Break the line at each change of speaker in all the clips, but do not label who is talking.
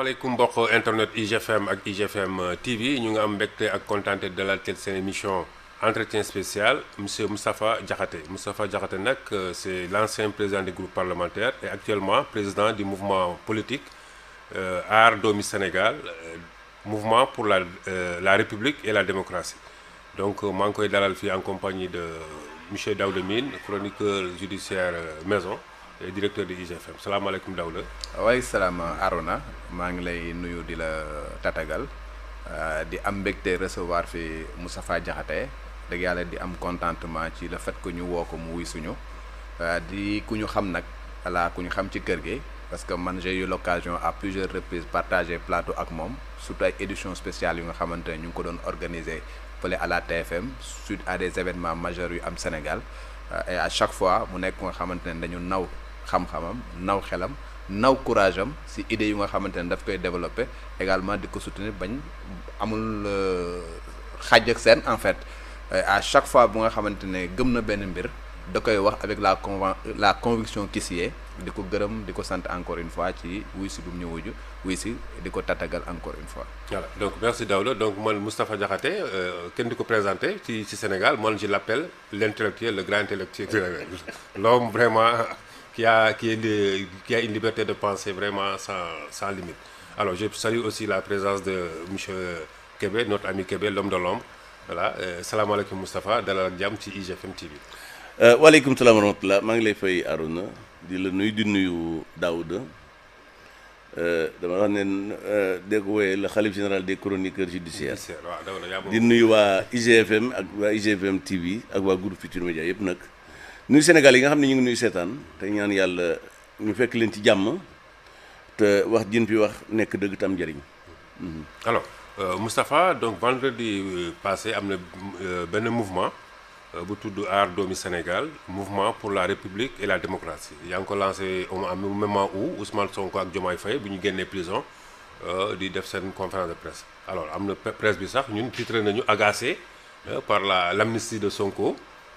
asalaamaaleykum mbokk internet IGFM ak IGFM euh, TV ñu ngi am mbégte ak contenté émission entretien spécial monsieur Moustapha Diakhaté Moustapha Diakhaté euh, c'est l'ancien est président du groupe parlementaire et actuellement président du mouvement politique euh, Sénégal euh, mouvement pour la république et la démocratie donc je suis en compagnie de M. Daoudemine chroniqueur judiciaire maison. Euh, directeur de IGFM alaikum Daoula. Oui,
salam Arona Je suis lay nuyu di la tatagal euh, di heureux de recevoir fi Moustapha Diakhaté dëgg yàlla di am contentement ci le fait que ñu woo ko mu wuy suñu euh, di ku ñu xam nag parce que j'ai eu l'occasion à plusieurs reprises de partager plateau avec moi. surtout l'édition édition spéciale que nous avons organisée pour à la TFM suite à des événements majeurs au Sénégal et à chaque fois mu nekk nga de dañu xam-xamam naw xelam naw courage am si idées yu nga xamante ne daf koy développer également di ko soutenir bañ amul euh, xaaj ak seen en fait euh, à chaque fois bu nga xamante ne gëm na benn mbir da koy wax avec la la conviction qui s'y est di ko gërëm di ko sant encore une fois ci wuy si bu mu ñëwuju wuy si di ko tatagal encore une fois
voilà donc merci Daouda donc man Moustapha Diakhaté euh, kenn di ko présenté ci ci Sénégal man je l'appelle l'intellectuel le grand intellectuel l'homme vraiment qui a, qui, a une liberté de penser vraiment sans, sans, limite. Alors je salue aussi la présence de M. Québec, notre ami Québec, l'homme de l'ombre. Voilà, euh, salam alaikum Moustapha, dalal jàmm IGFM TV. Euh,
waaleykum salaam wa rahmatulah salam ngi lay fay Aruna de la nuyu di nuyu Daouda euh, dama wax ne euh, le ko le la général des chroniqueurs judiciaires di nuyu waa IGFM ak waa IGFM TV ak waa groupe Futurs de yëpp nuyu Sénégal yi nga xamni ñu ngi nuy sétane té ñaan Yalla ñu fekk leen ci jamm té wax jin bi wax nek deug tam jëriñ mhm.
alors euh, Moustapha donc vendredi euh, passé amna euh, ben un mouvement euh, bu tudd art du Sénégal mouvement pour la république et la démocratie Il ko lancé au moment où Ousmane Sonko ak Diomaye Faye bu ñu génnee prison di def sen conférence de presse alors amna une presse bi sax ñun titré nañu agacé par la l'amnistie de Sonko.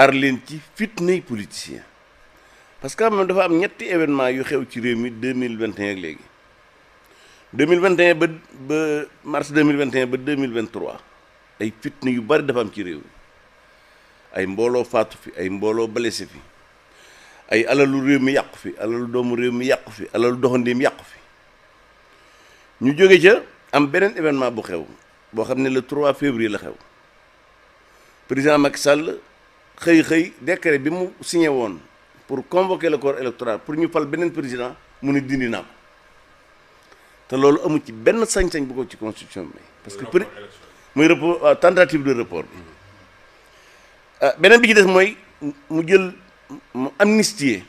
aar leen ci fitnay politicien parce que am dafa am ñetti événement yu xew ci réew mi deux mille vingt et un ak léegi mille vingt et ba ba mars deux mille vingt ba deux mille vingt ay fitna yu bari dafa am ci réew mi ay mbooloo faatu fi ay mbooloo blessé fi ay alalu réew mi yàqu fi alalu doomu réew mi yàqu fi alalu doxandéem yàqu fi ñu jóge ca am beneen événement bu xew boo xam ne le trois février la xew président Macky Sall. xey xey décret bi mu signé won pour convoquer le corps électoral pour ñu fal benen président mu ni dindi na té lolu amu ci benn sañ-sañ bu ko ci constitution bi parce que muy euh, tentative de report bi euh, beneen bi ci def moy mu jël amnistie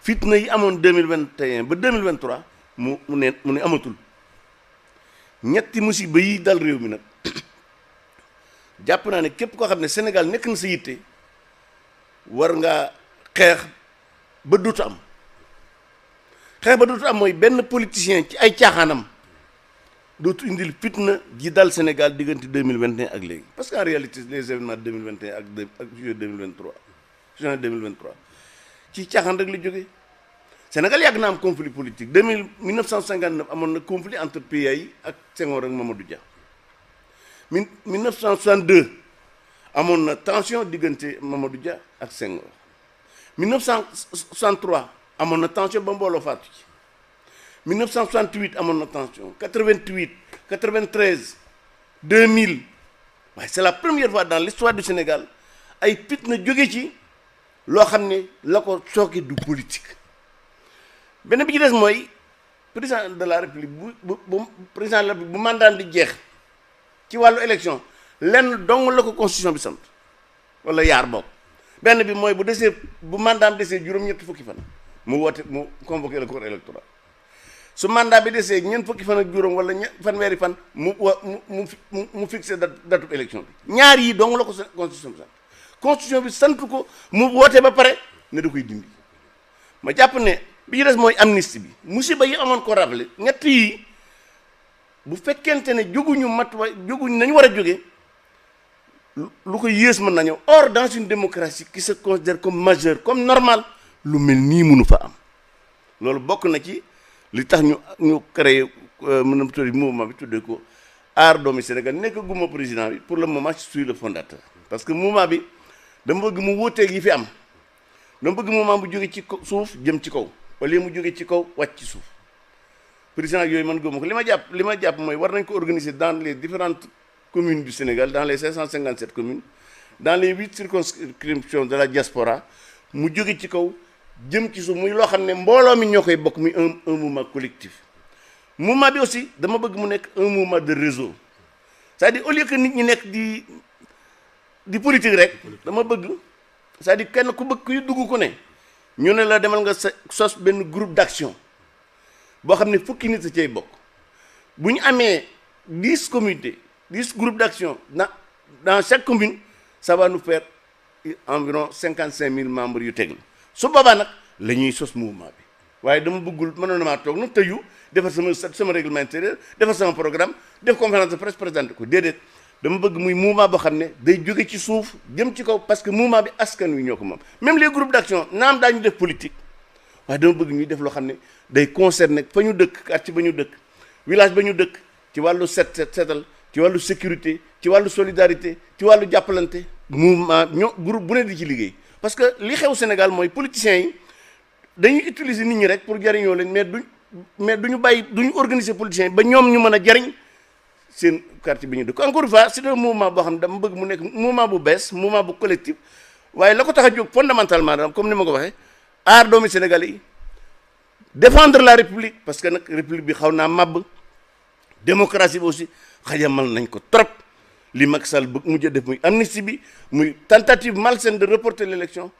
fitna yi amone 2021 ba 2023 mu mu ne mu ne amatul ñetti musibe yi dal rew mi nak jàpp naa ne képp koo xam ne Sénégal nekk na sa yitte war nga xeex ba duutu am xeex ba duutu am mooy benn politicien ci ay caaxaanam dootu indil fitna ji dal Sénégal diggante deux mille vingt et ak léegi parce que en réalité les événements deux mille vingt et un ak ci caaxaan rek la jógee Sénégal yàgg na am conflit politique deux mille mille neuf amoon na conflit entre PAI ak Senghor ak Mamadou Dia. 1962 à mon tension diggante Mamadou Dia ak Senghor 1963 à mon tension Bambolo Fatou. 1968 à mon tension 88 93 2000 c'est la première fois dans l'histoire du Sénégal ay été jóge ci lo xamné la du politique benn bi ci président de la république président de la république bu mandat di jeex ci walu élection lenn dong la ko constitution bi sant wala yar bok ben bi moy bu desee bu mandaam desee juroom ñetti fukki fan mu wote mu convoquer le corps électoral su mandat bi desee ñeent fukki fan ak juróom wala fan fanweeri fan mu mu fixer date date élection bi ñaar yi dong la ko constitution bi sant constitution bi sant ko mu wote ba pare ne da koy dindi ma japp ne bi des moy amnistie bi musiba yi amone ko rappelé ñett yi bu fekkente ne jóguñu matuwaay jóguñu nañu war a jóge lu ko yees mën na or dans une démocratie qui se considère comme majeure comme normal lu mel ni mënu fa am loolu bokk na ci li tax ñu ñu créé euh, mën tour mouvement bi tuddé ko aar doomi Sénégal nek guma président bi pour le moment je suis le fondateur parce que mouvement bi dama bëgg mu woté yi fi am dama bëgg mouvement bu jóge ci suuf jëm ci kaw wala mu jóge ci kaw wacc ci suuf président yooyu man gëmuma ko li ma jàpp li ma jàpp mooy war nañ ko organiser dans les différentes communes du Sénégal dans les 557 communes dans les huit circonscriptions de la diaspora mu jóge ci kaw jëm ci suuf muy loo xam ne mbooloo mi ñoo koy bokk muy un un mouvement collectif mouvement bi aussi dama bëgg mu nekk un mouvement de réseau c'est-à-dire au lieu que nit ñi nekk di di politique rek dama bëgg c'est-à-dire kenn ku bëgg kuy dugg ku ne ñu ne la demal nga sos benn groupe d'action bo xamné ne fukki nit a bok buñ amé ñu amee 10 comités groupes d'action dans dans chaque commune ça va nous faire environ cinquante cinq membres yu teg su baba nak lañuy sos mouvement bi waaye dama bëggul mënoon na tok toog nag tëju defar sama sama règlement intérieur defar sama programme def conférence de presse présenté ko déedéet dama bëgg muy mouvement bo xamné ne day jóge ci souf jëm ci kaw parce que mouvement bi askan wi ñoko mom même les groupes d'action nam dañu def politique waaye dama bëgg ñuy def loo xam day concerner fa dëkk quartier ba dëkk village ba dëkk ci wàllu set setal ci sécurité ci solidarité ci wàllu jàppalante mouvement ñoo groupe bu ne ci liggéey parce que li xew Sénégal mooy politiciens yi dañuy utiliser nit ñi rek pour jariñoo leen mais duñ mais duñu bàyyi duñu organiser politiciens yi ba ñoom ñu mën a quartier dëkk encore une fois c'est un mouvement boo xam dama bëgg mu nekk mouvement bu mouvement bu collectif waaye la ko fondamentalement comme ni ma ko aar doomi Sénégalais, yi défendre la république parce que nag république bi xaw naa màbb démocratie bi aussi xajamal nañ ko trop li Macky Sall bëgg mujj def muy amnistie bi muy tentative malsaine de reporter l'élection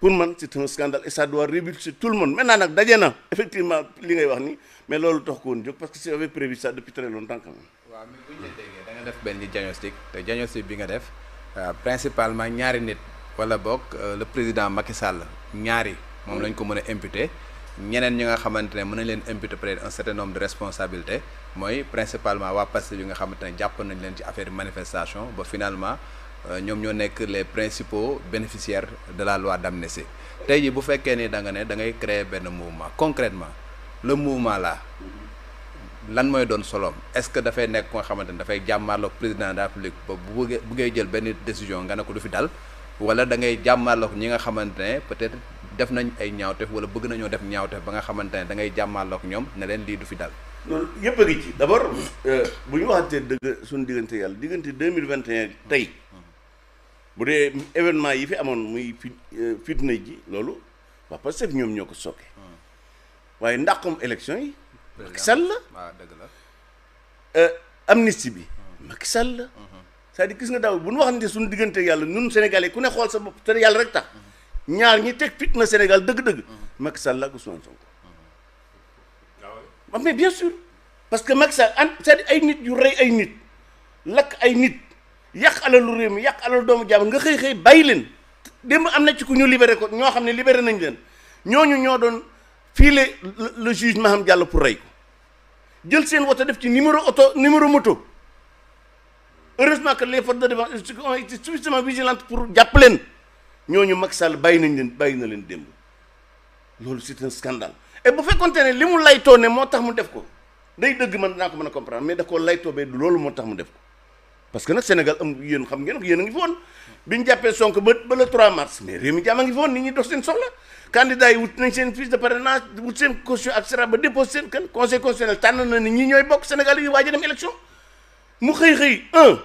pour man c'est un scandale et ça doit révulser tout le monde maintenant nag daje na effectivement li ngay wax ni mais loolu tax ko woon jóg parce que si avait prévu ça depuis très longtemps quand même.
waaw mais bu ñu déggee da nga def benn diagnostic te diagnostic bi nga def euh, principalement ñaari nit wala boog euh, le président Macky Sall ñaari moom lañ ko mën a imputer ñeneen ñi nga xamante ne mën nañ leen imputer peut-être un certain nombre de responsabilités mooy principalement waa Pastef yi nga xamante ne jàpp nañ leen ci affaire manifestation ba finalement euh, ñoom ñoo nekk les principaux bénéficiaires de la loi d'amnésie. tey ji bu fekkee ni da nga ne da ngay créer benn mouvement concrètement le mouvement là lan mooy doon soloom est-ce que dafay nekk ko nga xamante ne dafay jàmmaarloog président de la République ba bu bëggee jël benn décision nga ne ko du fi dal wala da ngay jàmmaarloog ñi nga xamante ne peut-être def nañ ay ñaaw ñaawteef wala bëgg nañoo def ñaawteef ba nga xamante ne da ngay jàmmaalook ñoom ne leen lii du fi dal.
loolu yëpp a ngi ci d' abord euh, bu ñu waxantee dëgg suñu diggante yàlla diggante deux mille vingt et un tey bu dee yi fi amoon muy fit euh, fitna ji loolu waa Pastef ñoom ñoo ko sokke waaye ndàqum élection yi.
Macky Sall la waaw dëgg la.
Euh, amnistie bi. Hmm. Macky Sall la. Hmm. c'est-à-dire gis nga daaw bu ñu waxante suñu diggante yàlla ñun Sénégalais ku ne xool sa bopp te yàlla rek tax. ñaar ñi teg fitna Sénégal dëgg-dëgg. Macky Sall ak Ousmane Sonko. waaw ah mais bien sûr parce que Macky Sall an ay nit yu rey ay nit lakk ay nit yàq alalu réew mi yàq alalu doomu jàmm nga xëy xëy bàyyi leen démb am na ci ku ñu libéré ko ñoo xam ne libéré nañ leen ñu ñoo doon filer le juge Maham Diallo pour rey jël seen woto def ci numéro auto numéro moto heureusement que les forces de défense ont été suffisamment pour jàpp leen. ñoo ñu mag Sall bàyyi nañ leen bàyyi na leen démb loolu si un scandale et bu fekkonte ne li mu laytoo ne moo tax mu def ko day dëgg man dinaa ko mën a comprendre mais da koo laytoo ba loolu moo tax mu def ko parce que nag Sénégal am yéen xam ngeen yéen a ngi fi woon bi ñu jàppee Sonko ba ba le 3 mars mais réew mi jàmm a ngi fi woon nit ñi dox seen soxla candidat yi wut nañ seen fiche de parrainage wut seen caution ak sera ba déposé seen kan conseil na ni ñi ñooy bokk Sénégal a dem mu xëy xëy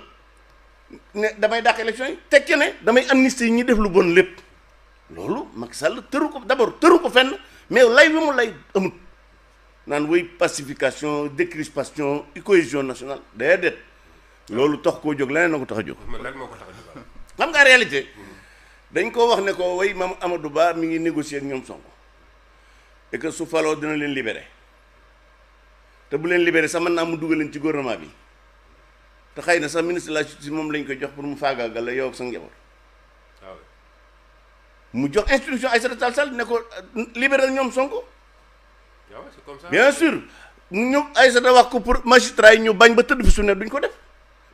ne damay dàq élection yi tekki ne damay amnistie yi ñuy def lu bon lépp loolu Macky Sall tëru ko d'abord tëru ko fenn mais lay wi mu lay amut naan woy pacification décrispation cohésion nationale déedéet loolu tox koo jóg leneen na ko tax a jóg. lan moo ko xam nga réalité dañ koo wax ne ko ma maam Amadou Ba mi ngi négocier ak ñoom Sonko et que su faloo dina leen libere te bu leen libere sax mën naa mu dugal leen ci gouvernement bi. te xëy na sax ministre de la moom lañ koy jox pour mu faagaagal la yow ak sa njaboot ah mu jox instruction Aïssata Tall Sall ne ko libéral ñoom Sonko
ah bien
sûr ñu Aïssata wax ko pour magistrat yi ñu bañ ba tëdd fi su ne duñ ko def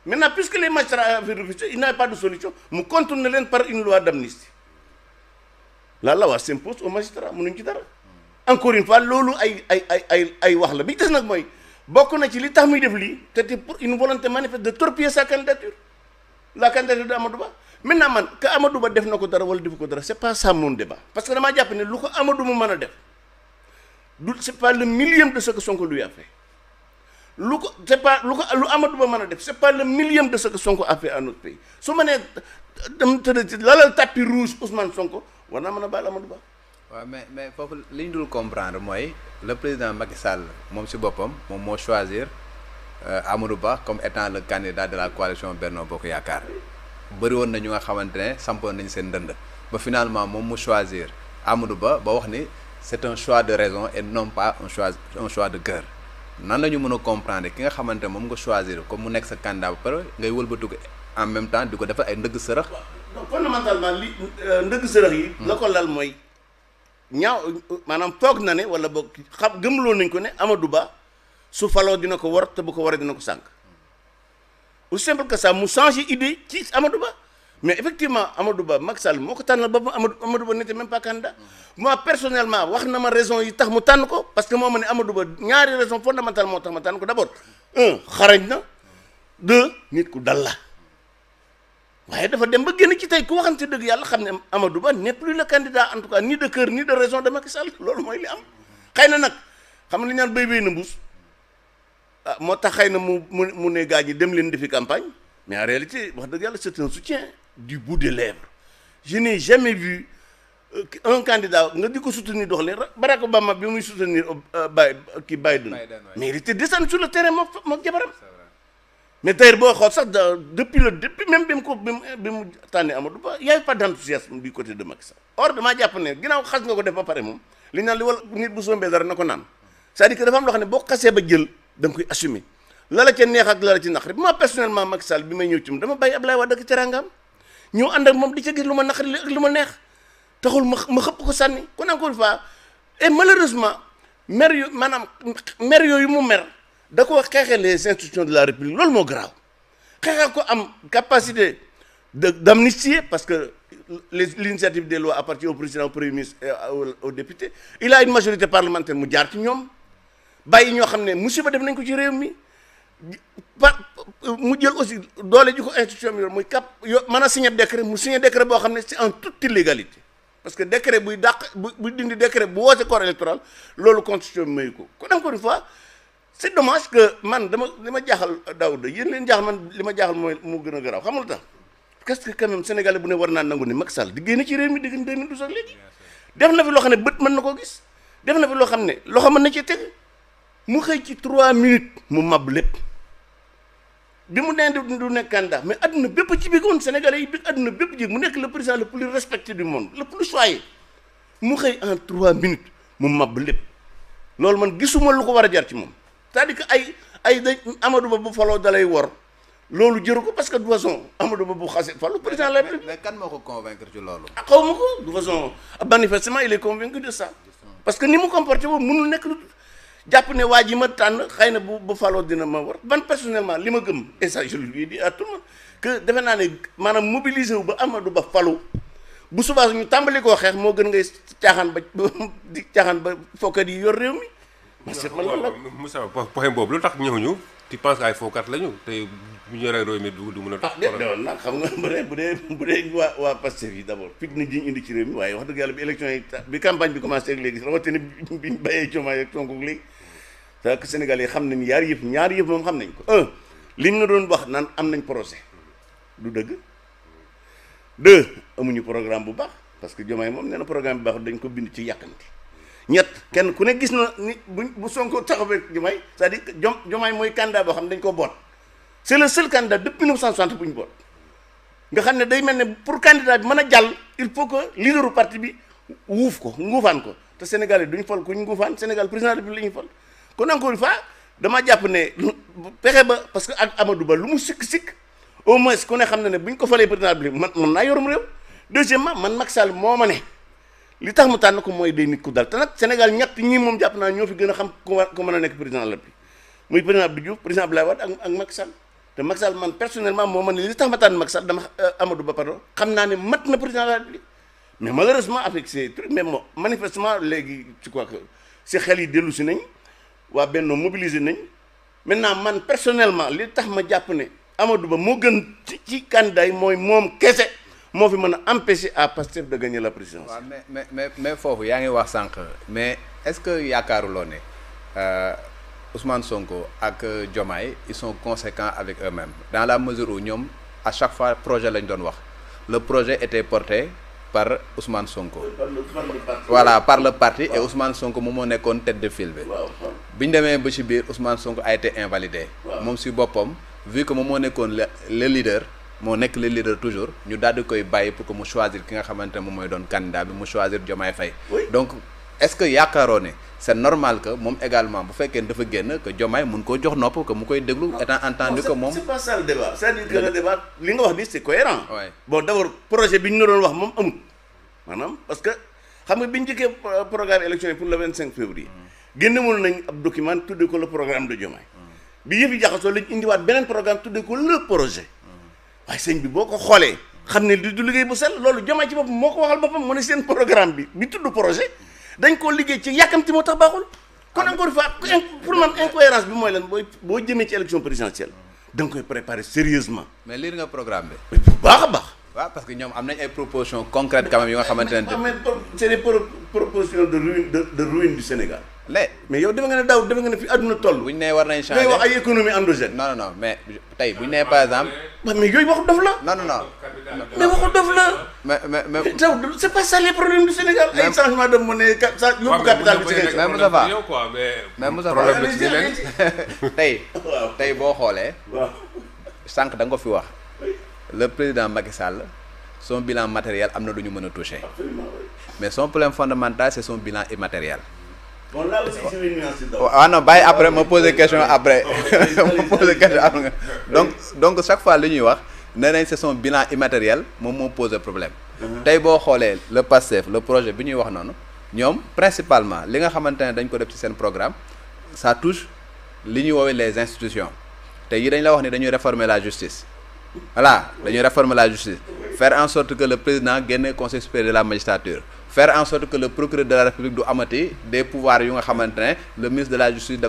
maintenant puisque les magistrats avaient refusé il n'y avait pas de solution mu contourner leen par une loi d'amnistie la seen loi s'impose aux magistrats mënuñ ci dara encore une fois loolu ay ay ay ay ay wax la bi te nag mooy bokku na ci li tax muy def li lii c'était pour une volonté manifeste de torpiller sa candidature la candidature de Amadou Ba maintenant man que Amadou Ba def nako dara wala def ko dara c'est pas ça mon débat parce que dama japp ne lu ko Amadou mu meuna def du c'est pas le millième de ce que Sonko lui a fait lu ko c'est pas lu ko lu Amadou Ba meuna def c'est pas le millième de ce que Sonko a fait à notre pays suma ma dem te la la tapis rouge
Ousmane Sonko wana meuna mën Amadou Ba mais mais foofu li ñu comprendre moi, le président Macky Sall moom si boppam moom moo choisir euh, Amadou Ba comme étant le candidat de la coalition bernard Bokk Bari won nañu nga xamantene sampon nañ sen seen dënd ba finalement moom mu choisir Amadou Ba ba wax ni c'est un choix de raison et non pas un choix un choix de cœur nan lañu mëna comprendre ki nga xamantene mom nga choisir comme mu nek sa candidat ba pare ngay wëlbatu ko en même temps diko ko defal ay ndëgg sërëx.
fondamentalement li euh,
ndëgg sërëx yi. Hmm. la ko lal mooy. ñaaw
maanaam toog na ne wala boog xam gëmloo nañ ko ne Amadou Ba su faloo dina ko war te bu ko waree dina ko sànq aussi simple que ça mu changé idée ci Amadou Ba mais effectivement Amadou Ba Macky saal moo ko tànnal ba Amadou Amadou Ba n'était même pas candidat moi personnellement wax na ma raison yi tax mu tànn ko parce que moo ma ne Amadou Ba ñaari raison fondamentale moo tax ma tànn ko d'abord un xarañ na deux nit ku dal la waye dafa dem ba genn ci tay ku waxante dëgg yàlla xam ne Amadou Ba nepp lu le candidat en tout cas ni de cœur ni de raison de Macky Sall loolu moy li am xeyna nak nag xam nga li ñaan bay bay na mbuss ah moo tax xëy mu mu ne gaaji dem leen defi campagne mais en réalité wax deug yalla c'est un soutien du bout des lèvres je n'ai jamais vu eh, un candidat nga diko soutenir dox leen Barack Obama bi muy soutenir ki Biden mais il était descendu sur le terrain mo jabaram mais d'ailleurs boo xool sax depuis le depuis même bi mu ko bi mu bi mu tànnee Ba y' a eu pas d' enthousiasme du côté de Macky Sall or damaa jàpp ne ginnaaw xas nga ko def ba pare moom li ñu naan li wala nit bu sombee dara na ko naan c'est-à-dire que dafa neex ak la ci naqari moi personnellement Macky Sall bi may ñëw ci moom dama bàyyi Abdoulaye Wade ak teraangaam ñëw ànd ak moom di ca gis lu ma naqari ak lu ma neex taxul ma ma xëpp ko sànni kon encore une fois et malheureusement mer yu mu mer. D'accord, les institutions de la république c'est moo grave. xeexee ko am capacité de d'amnistier parce que l'initiative des lois appartient au président au premier ministre et aux députés il a une majorité parlementaire mu jaar ci ñoom bàyyi ñoo xam ne musiba def nañ ko ci réew mi mu jël aussi dans les ko institution bi yor un cap yo signé décret mu décret c'est en toute illégalité parce que décret buy dàq bu dindi décret bu corps électoral loolu constitution bi mayu ko encore une fois c'est dommage que man dama li ma jaaxal Daouda yéen leen jaaxal man li ma jaaxal mooy moo gën a garaaw xam nga tax parce que quand même sénégalais bu ne war naa nangu ni mag Sall di génn ci réew mi diggante 2012 ak léegi def na fi loo xam ne bët mën na koo gis def na fi loo xam ne loxo mën na ci teg mu xëy ci 3 minutes mu mab lépp bi mu nee du nekk candidat mais àdduna bépp ci béggoon sénégalais yi bi adduna bépp ji mu nekk le président le plus respecté du monde le plus choyé mu xëy en 3 minutes mu mab lépp loolu man gisuma lu ko war a jar ci moom. cest à ay ay dañ Amadou Ba bu faloo dalay wor loolu jëru ko parce que de façon Amadou Ba bu xasee falu président la République mais kan moo ko
convaincre ci loolu. ah
xaw ma ko de façon manifestement il est convaincu de ça. parce que ni mu comporté woon mënul nekk lu jàpp ne waa ji ma tànn xëy na bu bu faloo dina ma war man personnellement li ma gëm et ça je lui dis à tout le monde defe naa ne maanaam mobiliser wu ba Amadou Ba falu. bu subaa ñu tàmbali koo xeex moo gën ngay caaxaan ba di caaxaan ba fokkat yi yor réew mi mais c'est man nak Moussa
point bobu lu tax ñew ñu tu penses ay faux carte lañu té bu ñu mi du mëna tax non nak xam nga bu dé bu dé bu dé wa wa passé fi d'abord
fitna ji indi ci réew mi waye wax deug yalla bi élection yi bi campagne bi commencé ak légui rawati ni bi bayé cioma ak tonku légui ça que sénégal yi xam nañ ñaar yëf ñaar yëf mom xam nañ ko un lim na doon wax nan am nañ procès du deux amuñu programme bu baax parce que jomay mom néna programme bu ko bind ci yakanti ñett kenn ku ne gis na ni bu bu Sonko taxawee Diomaye c'est-à-dire Jom Diomaye mooy candidat boo xam ne dañ koo boot c'est le seul candidat depuis 1960 bu ñu boot nga xam ne day mel ne pour candidat bi mën a jàll il faut que leaderu parti bi wuuf ko nguufaan ko te Sénégal yi ñu fal ku ñu nguufaan Sénégal président de la République la ñu ko kon encore une fois dama jàpp ne pexe ba parce que ak Amadou Ba lu mu sikk-sikk au moins ku ne xam na ne bu ñu ko falee président de la République man mën naa yorum réew deuxièmement man Macky Sall moo ma li tax mu tànn ko mooy day nit ku dal te nag Sénégal ñett ñi moom jàpp naa ñoo fi gën a xam ku ku mën a nekk président la bi muy président Abdou Diouf président Abdoulaye Wade ak ak Macky Sall te mack Sall man personnellement moo man li tax ma tànn mack Sall dama euh, Amadou Ba pardon xam naa ne mat na président la bi mais malheureusement avec ces trucs mais mo manifestement léegi ci quoi que si xel yi dellu si nañ waa Benno mobiliser nañ maintenant man personnellement li tax ma jàpp ne Amadou Ba moo gën ci ci candidat yi mooy moom kese
Moi, fi empêcher à Pasteur de gagner la présidence. mais mais mais que foofu mais est-ce que yaakaaruloo euh, Ousmane Sonko et Diomaye ils sont conséquents avec eux-mêmes dans la mesure où nous, à chaque fois projet lañ le projet était porté. par Ousmane Sonko. par
le, voilà par le parti
et Ousmane Sonko est moo nekkoon tête de file bi. bi ñu Ousmane Sonko a été invalidé. Monsieur si Bopom, vu que moom le leader mo nek le leader toujours ñu daal di koy bàyyi pour que mu choisir ki nga xamante ne moom mooy doon candidat bi mu choisir jomay fay donc est-ce que yaakaaroo ne c'est normal que moom également bu fekkee dafa génn que jomay mun koo jox nopp que mu koy déglu étant entendu que moom c'est pas ça le débat c'est-à-dire que le débat li nga wax nii c'est cohérent
bon d'abord projet bi ñu doon wax moom amul maanaam parce que xam nga bi ñu njëkkee euh, programme élection pour le 25 février mm. génnewul nañ ab document tuddee ko le programme de jomay mm. bi yëf yi jaxasoo lañ indiwaat beneen programme tuddee ko le projet waaye sëñ bi boo ko xoolee xam ne li du liggéey bu sell loolu jomaay ci boppam moo ko waxal boppam mu ne seen programme bi bi tudd projet dañ koo liggéey ci yàkkamti moo tax baaxul kon encore une fois mooy lan booy boo jëmee
ci élection présidentielle da nga koy préparer sérieusement mais lii nga programme bi bu baax a baax waaw parce que ñoom am nañ ay propositions concrètes quand même yu nga xamante ne c'est des propositions de ruine de ruine du Sénégal lé mais yow dama nga ne daaw defe nga fi aduna toll. bu ñu nee war nañ changer mais wax ay économie endogène. non non non mais tay buñ né par exemple. Bah, mais yooyu waxu dof la. non non non mais waxu dof la. mais mais mais. taw c' pas ça les problèmes du Sénégal. ay changement de monnaie ca sa
capital bi ci kër. mais Moussa
Fall mais Moussa Fall problème la ci leen tey. waaw tey boo da nga fi wax. le président Macky Sall son bilan matériel amna duñu mëna toucher mais son problème fondamental c'est son bilan immatériel
bon là aussi une nuance
ah non bye après me poser question après après donc donc chaque fois que wax c'est son bilan immatériel moom me pose problème. Uh-huh. Tay bo xolé le PASTEF le projet bi ñuy wax ñom principalement li nga xamantene dañ ko def ci programme ça touche li ñuy les institutions tay yi dañ la wax ni dañuy réformer la justice. voilà dañuy réformer la justice faire en sorte que le président le conseil supérieur de la magistrature faire en sorte que le procureur de la république du amati des pouvoirs le ministre de la justice da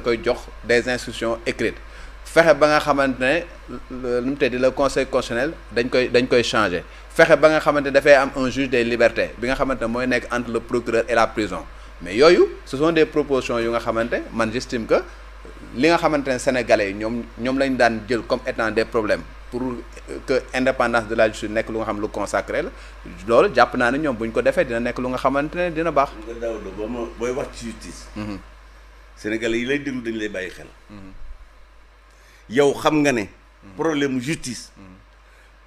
des instructions écrites Faire en sorte que le conseil constitutionnel dañ koy dañ koy changer fexe ba nga am un juge des libertés bi nga entre le procureur et la prison mais ce sont des propositions que nga man j'estime que li nga xamantene sénégalais ñom ñom ñoom lañ daan jël comme étant des problèmes pour que indépendance de la justice nek lu nga xam lu consacré la loolu jàpp naa ne ñoom bu ko défé dina nek lu nga xamantene dina bax nga daaw do boo ma wax ci justice. hmm sénégalais yi lay déglu dañ lay bayyi xel.
Mhm. yow xam nga ne. Mhm. problème justice. Mhm.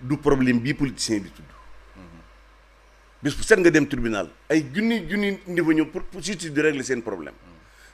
du problème bi politicien bi tudd. bis bu set nga dem tribunal ay junni junni niveau ñëw pour justice di régler sen problème.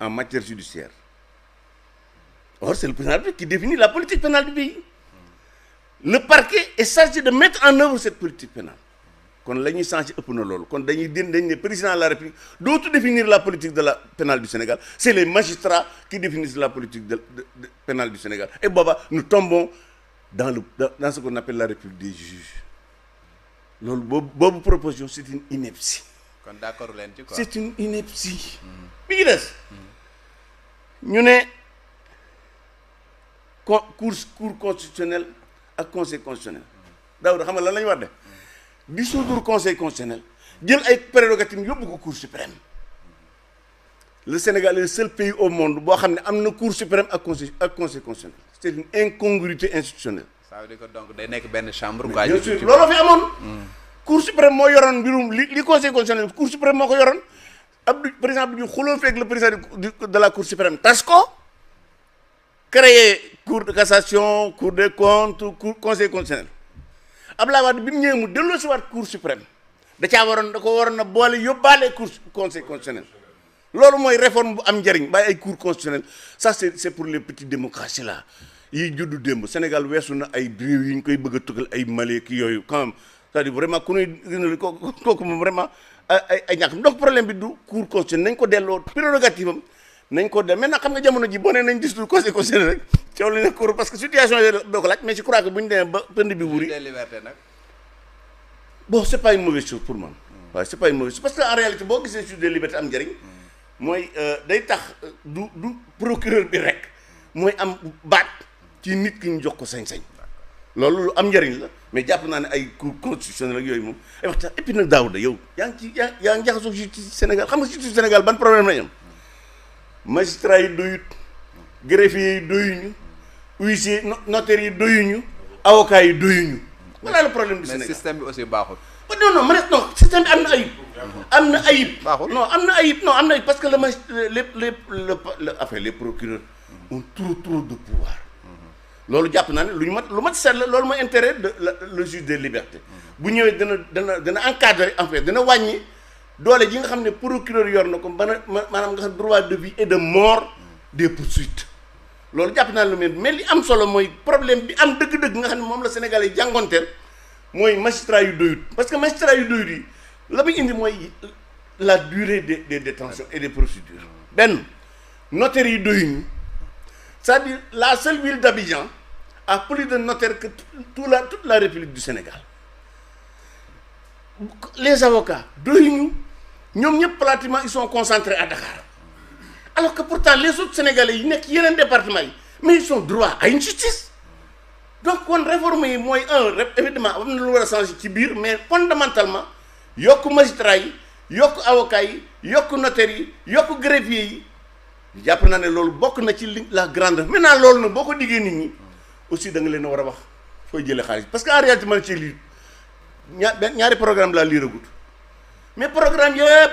en matière judiciaire. Or, c'est le président qui définit la politique pénale du pays. Le parquet est chargé de mettre en œuvre cette politique pénale. Quand la ñuy changé na président de la république D'autres définir la politique de la pénale du Sénégal c'est les magistrats qui définissent la politique pénale du Sénégal et baba, nous tombons dans ce qu'on appelle la république des juges loolu proposition c'est une ineptie. c'est une ineptie. Hmm bi ci des ñu ne cour cour constitutionnel ak conseil constitutionnel daaw da xam nga lan la ñu war def dissoudre conseil constitutionnel jël ay prérogatives yóbbu ko cour suprême le Sénégal est le seul pays au monde boo xam ne am cour suprême ak conseil ak conseil constitutionnel c'est une incongruité institutionnelle.
ça veut dire que donc day nekk benn chambre. quoi bien sûr fi amoon. Mm.
cour suprême moo yoroon mbirum li conseil constitutionnel cour suprême moo ko par exemple Abdou Diouf fait le président de la cour suprême tas créer cour de cassation cour des comptes cour conseil constitutionnel Abdoulaye Wade bi mu ñëwee mu delloo si waat cour suprême da caa waroon da ko waroon na boole yóbbaale cour conseil constitutionnel loolu mooy réforme bu am njëriñ bàyyi ay cour constitutionnelle ça c'est pour les petites démocraties là yiy du démb Sénégal weesu na ay réew yi ñu il bëgg a tugal ay Mali ki yooyu quand même c'est-à-dire vraiment ku ñuy kooku moom vraiment. ay ay ñàkkam donc problème bi du cour constitutionnelle nañ ko delloo prérogative am nañ ko delloo maintenant xam nga jamono ji boo nee nañ distul conseil constitutionnel rek coow li ne ko laaj mais je crois que bu ñu demee ba pënd bi wuri liberté nag bon c'est pas pour man waaw c'est pas une mauvaise chose parce que en réalité boo gisee suite des libertés am njëriñ mooy euh, day tax euh, du du procureur bi rek mooy am baat ci nit ki ñu jox ko sañ-sañ loolu lu am njëriñ la mais japp naa ne ay cour constitutionnel ak yooyu moom ay waxtaan et puis nak Daouda yow yang ci yang jaxo justice Sénégal xam nga justice Sénégal ban problème lañ am magistrat yi doyut greffier yi doyuñu huissier notaire yi doyuñu avocat yi doyuñu voilà le problème du Sénégal
mais système bi aussi baaxul
oh, non non ma non système amna ayib amna ayib non amna ayib non amna parce que le ma les les le affaire les procureurs ont trop trop de pouvoir c'est japp qui intérêt de le juge de liberté bu encadrer en fait dire wañi doole ji nga xamné droit de vie et de mort des poursuites mais am solo problème bi am le deug nga xam mom la Sénégalais magistrat parce que magistrat yu la durée des détention et des procédures Ben, notaire yu c'est-à-dire, la seule ville d'Abidjan a plus de notaires que toute la, République du Sénégal. Les avocats, de nous, pratiquement, ils sont concentrés à Dakar. Alors que pourtant, les autres Sénégalais, ils n'ont qu'un département, mais ils sont droits à une justice. Donc, on réforme, moi, un, évidemment, on doit changer qui bire, mais fondamentalement, il y a des magistrats, des avocats, des y notaires, il greffiers, japp na ne lolou bok na ci la grande maintenant lolou nag boko digé nit ñi aussi da nga leen wara wax fo jël xaalis parce que en réalité man ci lii ñaari programme laa liiragut mais programme yépp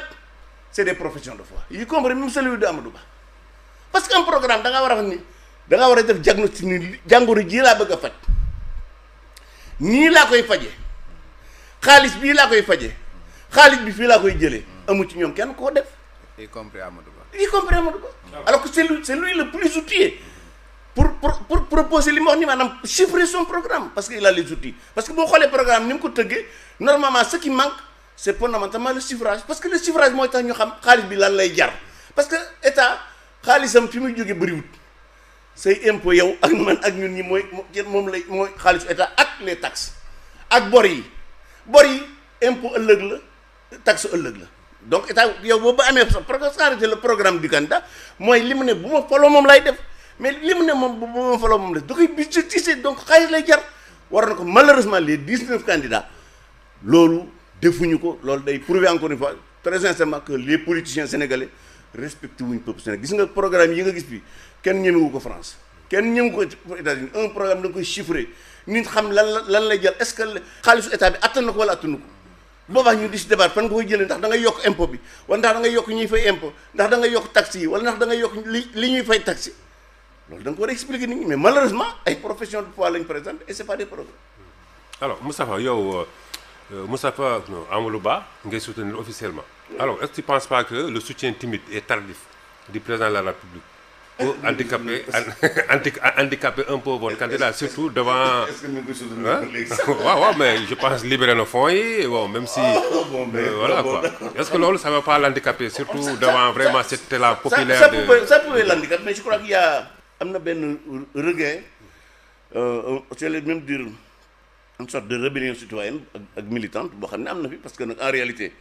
c'est des professions de foi yi compris même celui de Amadou Ba parce que un programme da nga wara a ni da nga wara def diagnostic ni jàngoro ji la bëgg a ni la koy fajee xaalis bi la koy fajee xaalis bi fi la koy jëlé amu ci ñom kenn ko def
y compris Amadou
Ba y compris Amadou Ba alors que c'est lui, lui le plus outillé pour pour pour proposer les ma wax ni chiffrer son programme parce qu'il a les outils parce que boo les programme ni normalement ce qui manque c'est fondamentalement le chiffrage parce que le chiffrage moi tax ñu xam xaalis bi lan lay jar parce que état xaalisam fi muy jógee bëriwut say impôt yow ak man ak ñun ñi moi qui lay mooy le état ak les taxes ak les Bori, impôt ëllëg la taxe ëllëg la donc état yow boobu ba amee sa particularité le programme du candidat moy li mu ne bu ma lay def mais li mu ne moom bu ma faloo moom lay def da koy donc xaalis lay jar war na malheureusement les 19 candidats loolu defuñu ko loolu day prouver encore une fois très sincèrement que les politiciens sénégalais respecté wuñ peuple sénégalais gis nga programme yi nga gis bi kenn ñemewu ko France kenn ñëw ko États-Unis un programme da nga koy chiffré nit xam lan la lan lay jël est-ce que xaalisu état bi attan na wala attanu ko boobaa ñu di si débat fan nga koy jëlee ndax da nga yokk impôt bi wala ndax da nga yokk ñi fay impôt ndax da nga yokk taxi wala ndax da nga yokk li ñuy fay taxi loolu da nga ko a expliquer nit ñi mais malheureusement ay profession de poids lañ présente et c'est pas des programmes.
alors Moustapha yow euh, euh, Moustapha Amadou Ba nga soutenir officiellement. alors est-ce que tu penses pas que le soutien timide et tardif du président de la République pour handicaper, handicaper un peu votre candidat, surtout devant. Est-ce que nous hein? oui, mais je pense libérer nos fonds bon même si. Ah, ben, euh, voilà quoi est-ce que l'on ça ne va pas l'handicaper surtout devant vraiment cette la populaire. Ça, pouvait, ça pouvait
mais je crois qu'il y a un ben regain euh, euh le même dire une sorte de rébellion citoyenne ak militante parce parce que en réalité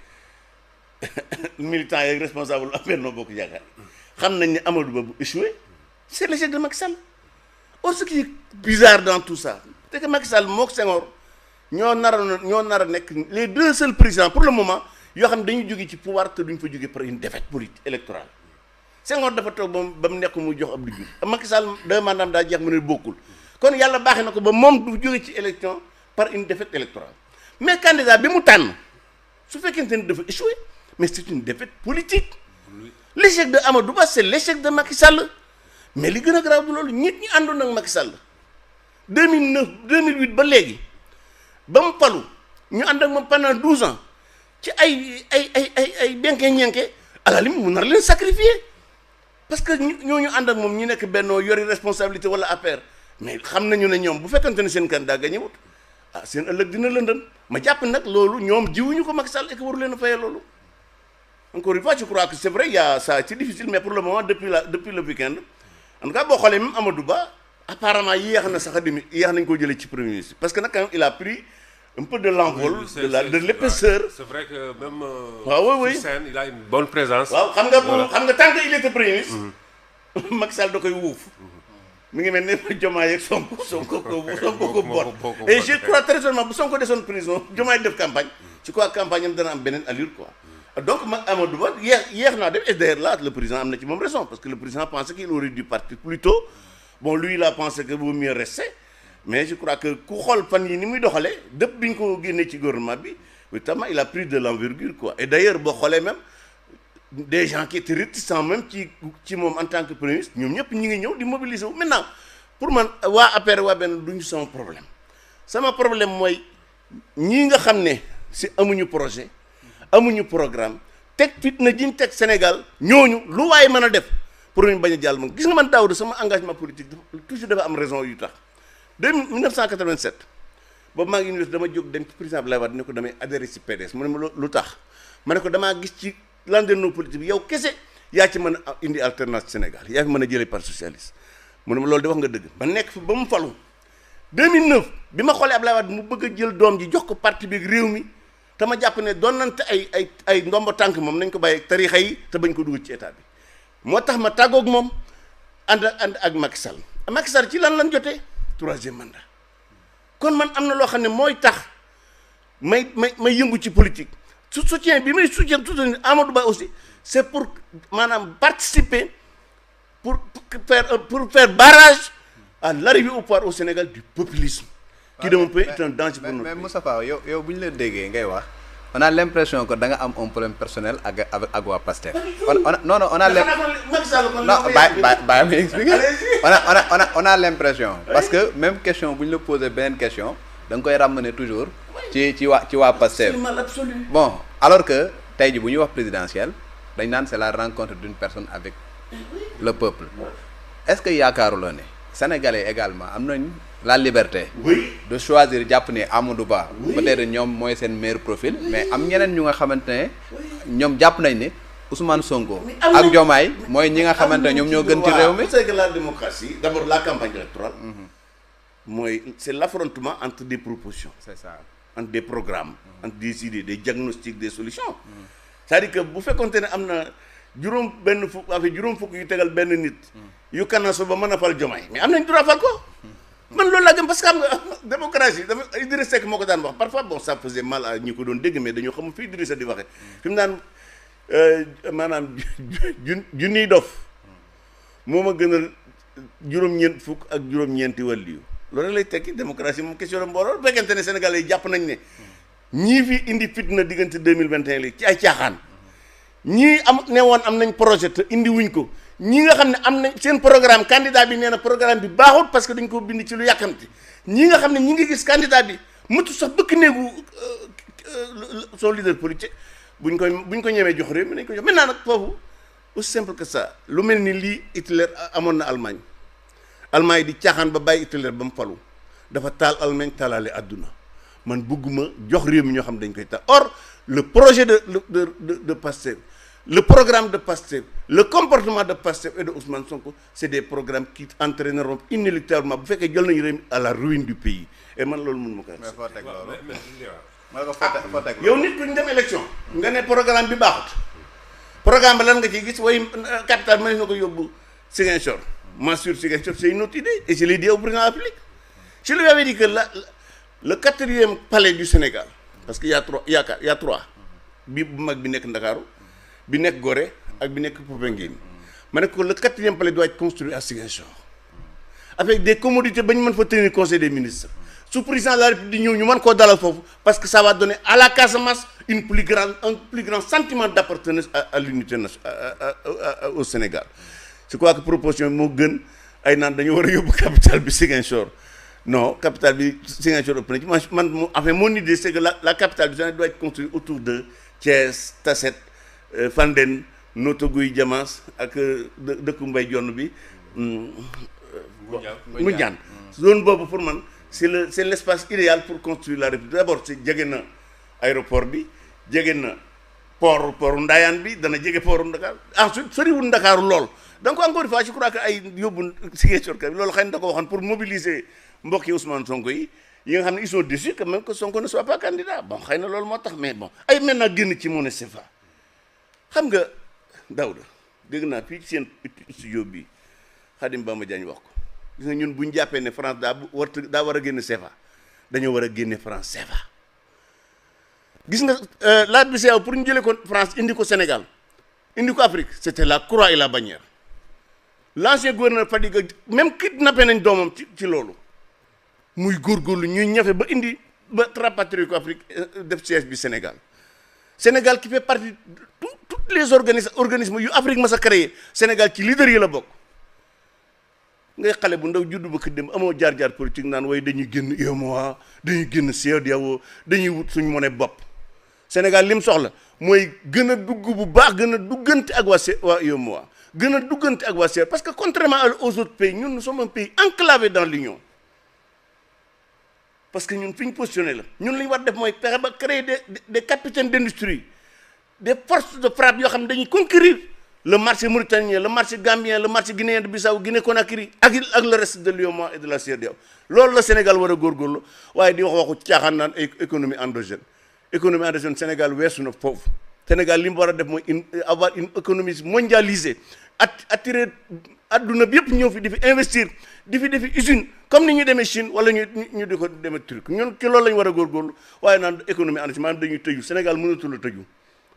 militant est responsable xam nañ ne Amadou Ba échoué c'est le de Macky Sall or oh, ce qui est bizarre dans tout ça c'est que Macky Sall Mok Senghor ñoo nar ñoo a les deux seuls présidents pour le moment yoo xam ne dañuy jóge ci pouvoir te duñ fa jóge par une défaite politique électorale Senghor dafa toog ba mu ba mu nekk mu jox Abdou Macky Sall deux mandats daa jeex mu ne bokkul kon yàlla baaxee na ko ba moom du jóge ci élection par une défaite électorale mais candidat bi mu tànn su fekkente ne dafa échoué mais c'est une défaite politique l'échec de Amadou Ba c'est l'échec de Macky Sall mais li gëna grave du loolu nit ñi àndoon ak Macky Sall 2009 2008 ba légui bam palu ñu and ak mom pendant 12 ans ci ay ay ay ay ay benké ñenké ala lim mu nar leen sacrifier parce que ñoo ñu and ak mom ñi nek benno yori responsabilité wala affaire mais xam nañu ne ñom bu fekkante ne seen kan da gañe wut ah seen ëlëk dina lëndën ma japp nak loolu ñom jiwuñu ko Macky Sall ek waru leen fayé fayee encore une fois je crois que c'est vrai il y a ça c'est difficile mais pour le moment depuis la depuis le week-end en tout cas boo xoolee même Amadou Ba apparemment yéex na sax dimi yéex ko jëlee ci premier ministre parce que nag quand il a pris un peu de l'envol oui, de la de l'épaisseur
c'est vrai que même waaw euh, ah, oui oui il a une bonne présence waaw xam nga xam nga tant qu'il
il était premier ministre mhm. Macky Sall da koy wuuf mhm. mi ngi mel ne Diomaye ak Sonko Sonko ko Sonko ko
boot et je crois
très honnêtement bu Sonko son prison Diomaye def campagne je crois campagne am dana am beneen allure quoi donc mag Amadou Ba hier hier naa et là le président am ci raison parce que le président pensait qu'il aurait dû partir plus tôt bon lui il a pensé que vaut mieux rester mais je crois que ku on fan yi ni muy doxalee dëpp ko ci gouvernement notamment il a pris de l'envergure quoi et d'ailleurs boo xoolee même des gens qui étaient réticents même ci ci m'ont en tant que premier ministre ñoom ñëpp ñi ngi ñëw di mobiliser maintenant pour moi, man waa APR waa benn duñu sama problème sama problème moi ni nga xam ne si amuñu projet amuñu programme teg fitna jiñ teg Sénégal ñooñu lu waaye mën a def pour ñu bañ a jàll moom gis nga man Daouda sama engagement politique toujours dafa am raison yu tax de 1987 boobu maa ngi université dama jóg dem ci président Abdoulaye Wade ne ko damay adhéré si PDS mu ne ma lu tax ma ne ko damaa gis ci landerneau politique bi yow kese yaa ci mën a indi alternance Sénégal yaa fi mën a jëlee parti socialiste mu ne ma loolu de wax nga dëgg ma nekk fi ba mu falu 2009 bi ma xoolee Abdoulaye Wade mu bëgg a jël doom jox ko parti bi réew mi te ma jàpp ne donnante ay ay ay ndomba tànk moom nañ ko bàyyi tarixa yi te bañ ko dugg ci état bi moo tax ma tàggook moom ànd ak ànd ak Macky Sall ci lan lan jotee troisième mandat kon man am na loo xam ne mooy tax may may may yëngu ci politique su soutien bi may soutien soutenir Amadou Ba aussi c'est pour maanaam participer pour pour pour faire barrage à l'arrivée au pouvoir au Sénégal
du populisme qui donc peut être un danger pour nous. mais, Moussafa, Mais yow yow bu la on a l'impression que da nga un problème personnel avec Agua Pasteur. non non on a.
l'impression. non
on a on a on a l'impression. parce que même question vous nous posez poser une question da on est ramener toujours. ci ci Pasteur. C'est mal absolu. bon alors que tey vous bu présidentiel, wax présidentielle c'est la rencontre d'une personne avec le peuple est-ce que yaakaaruloo ne sénégalais également am la liberté de choisir japonais ni Amadou Ba peut-être ñom moy sen meilleur profil mais am ñeneen ñu nga xamante ne ñoom jàpp nañ ni Ousmane Sonko ak Diomaye moy ñi nga xamante ñom ñoo gën ci réew c'est
que la démocratie d'abord la campagne électorale moy mhm. c'est l'affrontement entre des propositions c'est ça entre des programmes mhm. entre des idées des diagnostics des solutions mhm. c'est-à-dire que bu fekkonte ne am na ben benn fukk juroom fuk yu tegal ben nit yu kanaso ba mëna fal Diomaye mais am nañ droit fal ko man loolu laa gëm parce que xam nga démocratie dafa Idrissa Seck moo ko daan wax parfois bon ça faisait mal a ñi ko doon dégg mais dañoo xamul fii Idrissa di waxee fi mu naan euh, maanaam jun junniy dof moo ma gënal juróom-ñeent fukk ak juróom-ñeenti wàlliyu loolu lay tekki démocratie moom question la mbooloo bu fekkente ne sénégal yi jàpp nañ ne ñii fi indi fitna diggante deux mille vingt et un ci ay caaxaan ñii am ne woon am nañ projet te indi wuñ ko. ñi nga xam ne am nañ seen programme candidat bi nee na programme bi baaxul parce que dañ ko bind ci lu yàkkamti ñi nga xam ne ñi ngi gis candidat bi mutu sax bëkk néegu euh, euh, son leader politique buñ koy buñ ko ñemee jox réew mi nañ ko jox foofu aussi simple que ça lu mel ni lii Hitler amoon na Allemagne Allemagne di caaxaan ba bàyyi Hitler ba mu falu dafa taal Allemagne àdduna man bëgguma jox réew mi ñoo xam dañ koy taal or le projet de de de de Pastef le programme de Pastef le comportement de Pasteur et de Ousmane Sonko c'est des programmes qui entraîneront inéluctablement fait que que à la ruine du pays et moi, je ne ma ko mais
foo Je loolu foo teg yow nit
ku ñu dem élection nga un programme bi Le programme bi lan nga ciy le euh, capital de na ko yóbbu Ziguinchor Mansour c'est une autre idée et je l'ai dit au président de la je lui avais dit que le quatrième palais du Sénégal parce qu'il y a trois y a il y a trois bi bu mag bi Gorée avec bi nekk le quatrième palais doit être construit à Ziguinchor avec des commodités il faut tenir fa tenir conseil des ministres sous président de la république ñëw ñu mën koo parce que ça va donner à la Casamance une plus grande un plus grand sentiment d'appartenance à l'unité au Sénégal c'est quoi que proposition de gën ay naan dañu war de capitale de non capitale de Ziguinchor est mon idée c'est que la capitale du doit être construite autour de Thiès Tasset euh, Fanden noto guy jamaas ak euh, dëkku mbay jonn bi mu ñaan mm. zone bobu pour man c'est l'espace idéal pour construire la République d'abord c'est djegena aéroport bi djegena na port portu Ndayane bi dana djegé port Dakar ensuite soriwul Ndakaaru lool donc encore une fois je crois que ay yóbbu Ziguinchor bi loolu xëy na da ko waxoon pour mobiliser mbokki Ousmane Sonko yi yi nga xam ils sont déçus que même que Sonko ne soit pas candidat bon xëy lool motax mais bon ay maintenant guen ci mon CFA xam nga dawda deug na fi sen studio bi Khadim bama jagn wax ko gis nga ñun buñu jappé né France da warta da wara génné génne CFA dañoo war France CFA gis nga euh, la BCEAO pour ñu jëlé ko France indi ko Sénégal indi ko Afrique c'était la croix et la bannière l'ancien gouverneur Fadiga même kidnappé nañ domam ci ci muy gorgolu ñu ñafé ba indi ba trapatrie ko Afrique euh, def siège bi Sénégal Sénégal qui fait partie les organismes yu Afrique mas a créé Sénégal qui leader yi la bok. ngay xalé bu ndaw juddu ba ko dem amoo jaar-jaar politique naan way dañuy génn UEMOA dañuy génn CEDEAO dañuy wut suñu moné bop Sénégal lim soxla mooy gën a dugg bu baax gën a duggante ak waa C waa gën a duggante ak waa e parce que contrairement aux autres pays ñun nous sommes un pays enclavé dans l'union parce que ñun fiñ positionné la ñun li war def mooy pexe ba créer des des capitaines d'industrie de forces de frappe yoo xam ne dañuy conquérir le marché mauritanien le marché gambien le marché guinéen de Bissau Guinée Conakry ak ak le reste de l'UEMOA et de la CEDEAO loolu la Sénégal war a góorgóorlu waaye di wax waxu caaxaan naan économie endogène économie endogène Sénégal weesu na foofu Sénégal li mu war a def mooy une avoir une économie mondialisée at attirer adduna bi yëpp ñëw fi di investir di fi defi usine comme ni ñu demee Chine wala ñu ñu di ko demee Turquie ñun ci loolu waaye naan économie endogène maanaam Sénégal mënatul a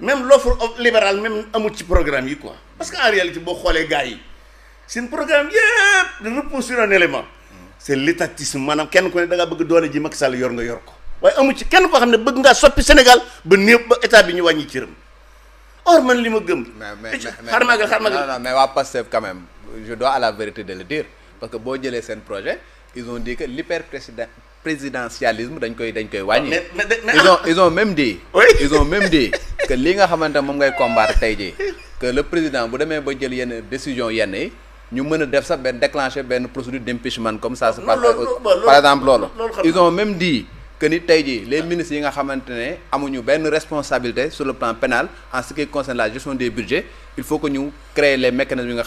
même l'offre libérale même un ci programme yi quoi parce que réalité bo xolé gars c'est un programme de repose sur un élément c'est l'étatisme manam kenn ko ne da nga bëgg doole ji Macky Sall yor nga yor ko amu ci kenn bëgg soppi Sénégal ba neub ba état bi ñu ci reum or man
mais quand même je dois à la vérité de le dire parce que bo jëlé sen projet ils ont dit que l'hyper président présidentialisme dañ koy dañ koy wañi ils ah. ont ils ont même dit. Oui? ils ont même dit que li nga xamante mom ngay combattre tay jii que le président bu démé ba jël yenn décision yenn ñu mën a def sax ben déclencher ben procédure d' comme ça se passe. par exemple lolu ils ont même dit que les ministres yi nga responsabilité sur le plan pénal en ce qui concerne la gestion des budgets il faut que nous créions les mécanismes yi nga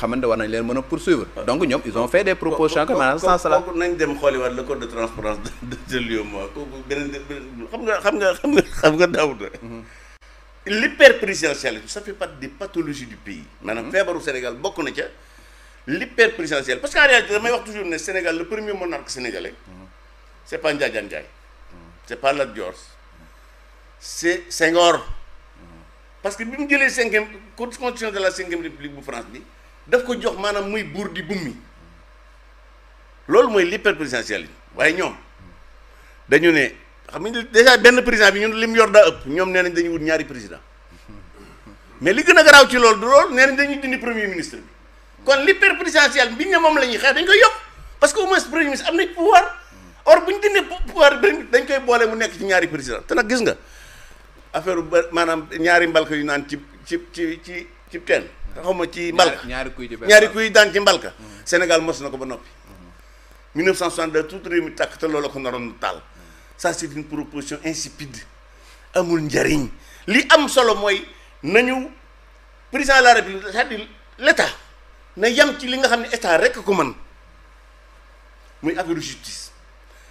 poursuivre ah. donc nous ils ont fait des propositions que maanaam sans cela
nañ dem xooli le code de transparence de de moi nga nga nga mhm. ça fait pas des pathologies du pays mhm. maanaam Fébarou Sénégal beaucoup na ca l'hyperprésidentiel parce qu'à réalité damay wax toujours le Sénégal le premier monarque sénégalais mhm. c'est pas Ndiaye Ndiaye c'est pas Lat Dior c'est Senghor parce que bim mu 5e constitution de la 5e république bu France bi daf ko jox manam muy bour di bummi moy l'hyper présidentiel waye ñom dañu né xam nga déjà ben président bi ñun lim yor da ëpp ñom nénañ dañu wut ñaari président mais li gëna graw ci loolu du loolu nee nañ dindi premier ministre bi kon l'hyperprésidentialisme bi ñu ne moom la ñuy dañ ko yokk parce que au moins premier ministre am nañ pouvoir or buñ dindé pouvoir dañ koy bolé mu nek ci ñaari président té nak gis nga affaire manam ñaari mbalka yu nan ci ci ci ci ci teen xawma ci mbalka
ñaari kuy ñaari
kuy dan ci mbalka mm-hmm. sénégal mos na ko ba nopi 1962 tout réew mi tàkk te ko naron tal ça c'est une proposition insipide amul njariñ li am solo moy nañu président de la république cest l'état na yam ci li nga xam état rek ko man muy affaire justice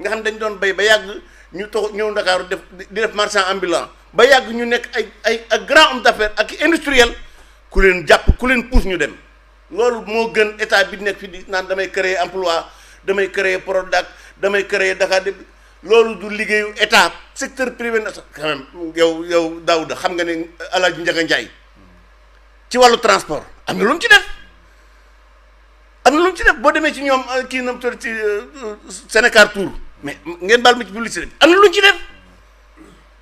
nga xam ne dañ doon bay ba yàgg ñu toog ñëw ndakaaru def di def marchand ambulant ba yàgg ñu nekk ay ay ak grand homme d'affaires ak industriel ku leen jàpp ku leen pousse ñu dem loolu moo gën état bi nekk fi di naan damay créer emploi damay créer Prodac damay créer Dakar de loolu du liggéeyu état secteur privé na sax quand même yow yow Daouda xam nga ne Alaaji Njaga Njaay ci wàllu transport am na lu mu ci def am na lu ci def boo demee ci ñoom euh, kii nam tor ci euh, euh, Sénégal Tour mais ngeen baal ma ci publicité bi am na lu ci def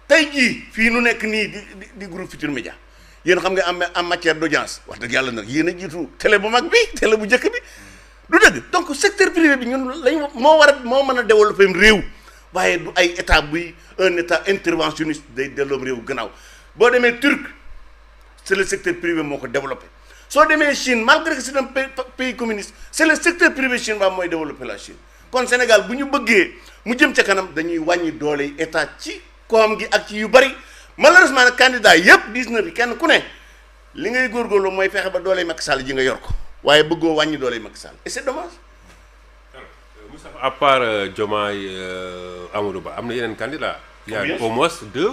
tey jii fii nu nekk nii di di groupe Futur Média yéen xam nga am en matière d'audience wax dëgg yàlla nag yéen a jiitu tele bu mag bi télé bu njëkk bi du dëgg donc secteur privé bi ñun lañ moo war a moo mën a développer réew waaye du ay état buy un état interventionniste day delloom réew gannaaw boo demee turc c'est le secteur privé moo ko développé soo demee Chine malgré que c'est un pays communiste c'est le secteur privé chinois mooy développer la Chine kon Sénégal bu ñu bëggee mu jëm ca kanam dañuy wàññi doole yi état ci koom gi ak ci yu bari malheureusement nag candidat yëpp dix neuf yi kenn ku ne li ngay góor góorgóorlu mooy fexe ba doole mag Sall ji nga yor ko waaye bëggoo wàññi doole Macky Sall et c'est dommage.
Moustapha à part euh, Diomaye euh, Amadou Ba am na yeneen candidat il y a au moins deux.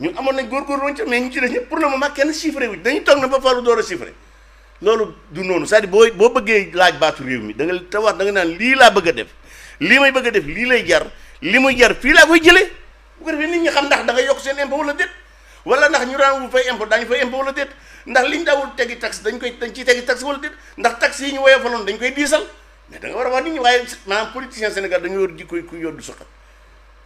ñu amoon nañ góorgóorlu woon ca mais ñu ci def ñëpp pour le moment kenn chiffré wu dañu toog na ba faru door a chiffré loolu du noonu cest à boo boo bëggee laaj baatu réew mi da nga te wax naan lii laa bëgg a def may bëgg a def lay jar li muy jar fii laa koy jëlee bu ko defee nit ñi xam ndax da nga yokk seen impôt wala déet wala ndax ñu daan wu fay impôt daañu fay impôt wala déet ndax liñ daawul tegi taxe dañ koy dañ ciy tegi taxe wala déet ndax taxe yi ñu woyofaloon koy diisal mais da war a wax nit ñi waaye maanaam politicien Sénégal dañu yor jikko ku yoddu soxal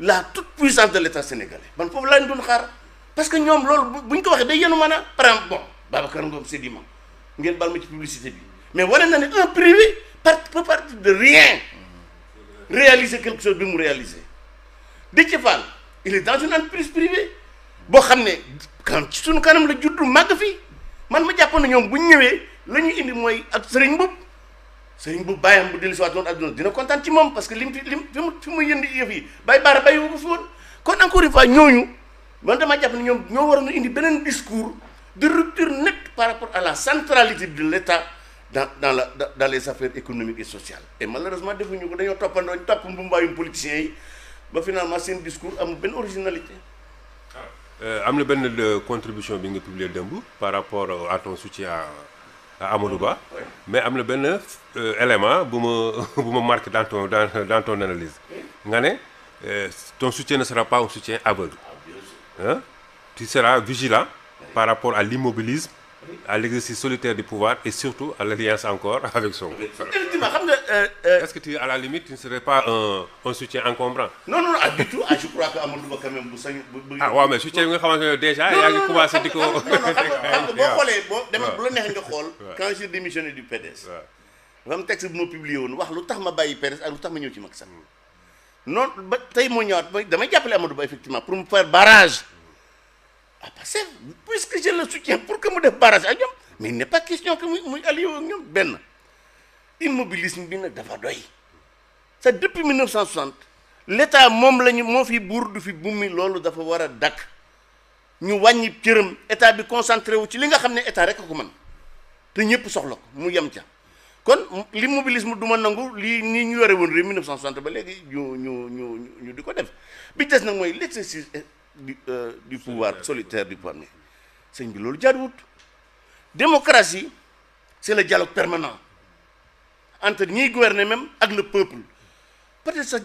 la toute puissance de l'État sénégalais man foofu laa ñu xaar parce que ñoom loolu bu ñu ko waxee day yenu mën a par exemple bon Babacar Ngom Sedima ngeen bal ma ci publicité bi mais wane na ne un privé par peut partir de rien réaliser quelque chose bi mu réaliser Déthié Fall il est dans une entreprise privée boo xam ne kan ci suñu kanam la juddu màgg fi man ma jàppoon na ñoom bu ñu ñëwee la ñu indi mooy ak sëriñ Mboup sëriñ bu bàyyam bu dellu si waat woon adduna dina kontaan ci moom parce que lim fi fi mu fi mu yënd yëf yi bàyyi baara bàyyi wu ko fi woon kon encore une fois ñooñu man dama jàpp ne ñoom ñoo waroon a indi beneen discours de rupture nette par rapport à la centralité de l'État dans dans la
dans les affaires économiques et sociales
et malheureusement defuñu ko dañoo toppandoo ñu topp mbumbaayum politiciens yi ba finalement seen discours amul benn originalité ah,
euh, am na benn euh, contribution bi nga publier démb par rapport euh, à ton soutien Amadou Ba mais am un euh, élément bu dans ton dans dans ton analyse nga euh, ton soutien ne sera pas un soutien aveugle hein? tu seras vigilant par rapport à l'immobilisme à l'exercice solitaire du pouvoir et surtout à l'alliance encore avec son. Euh, euh, Est-ce que tu, à la limite, tu ne serais pas un, un soutien encombrant Non,
non, du tout. Ah, je crois qu'Amadou va quand même. Ah, ouais, mais soutien, vous savez déjà, il y a Demain à dire.
Non, non,
non, quand j'ai démissionné du PDS, dafa me texte de ma publié woon wax lu tax ma bàyyi PDS ak lu tax ma ñëw ci Macky Sall. Non, ba tey moo ñëwaat ba damay jàppale Amadou effectivement pour me faire barrage. ah Pastef puisque je le soutiens pour que mu def barrage ak ñoom mais il n'est pas question que muy muy allié ñoom benn immobilisme bi nag dafa doy c'est depuis 1960 l'état moom la ñu moo fi buur du fi bummi loolu dafa war a dakk ñu wàññi cëram état bi concentré wu ci li nga xam ne état rek a ko mën te ñëpp soxla ko mu yem ca kon l'immobilisme du ma nangu lii nii ñu yore woon réew 1960 ba léegi ñu ñu ñu ñu di ko def bi des nag mooy si du euh, du pouvoir solitaire du pouvoir sëñ bi loolu jaaduwut démocratie c'est le dialogue permanent entre ñiy gouverner même ak le peuple peut-être sax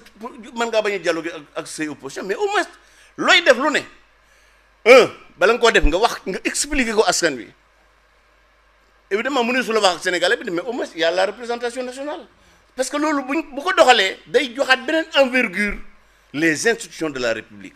mën ngaa bañ a dialoguer ak ak say opposition mais au moins looy def lu ne un bala nga koo def nga wax nga expliquer ko askan wi évidemment mu ne su la wax ak sénégalais bi mais au moins y la représentation nationale parce que loolu buñ bu ko doxalee day joxaat beneen envergure les institutions de la république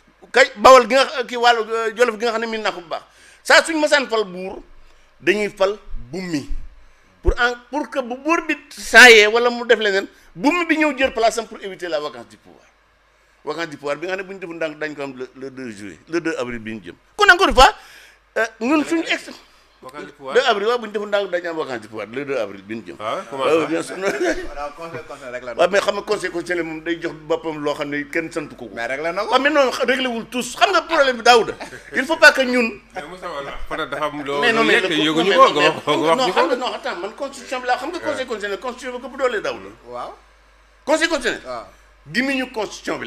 kay bawal gi nga kii wàllu euh, jolof gi nga xam ne miin na ko baax saa suñ masaan fal buur dañuy fal mi pour en pour que bu buur bi saayee wala mu def leneen bummi bi ñëw jël place am pour éviter la vacance du pouvoir vacance du pouvoir bi nga xam ne bu ñu defoon dañ ko am le 2 juillet le 2 avril bi ñu jëm kon encore une fois euh, ñun suñu ex vacance du pouvoir 2 avril waaw bu ñu defoon ndànk dañu am vacance du pouvoir le 2 avril bi ñu jëm. waaw ah, comment ah, ça bien sûr. conseil xam nga conseil conseil moom day jox boppam loo xam ne kenn sant ko. mais réglé na ko tous xam nga problème bi il faut pas que ñun. non mais man constitution bi laa xam nga conseil conseil la bi ko bu
doolee daawuda. waaw ah.
bi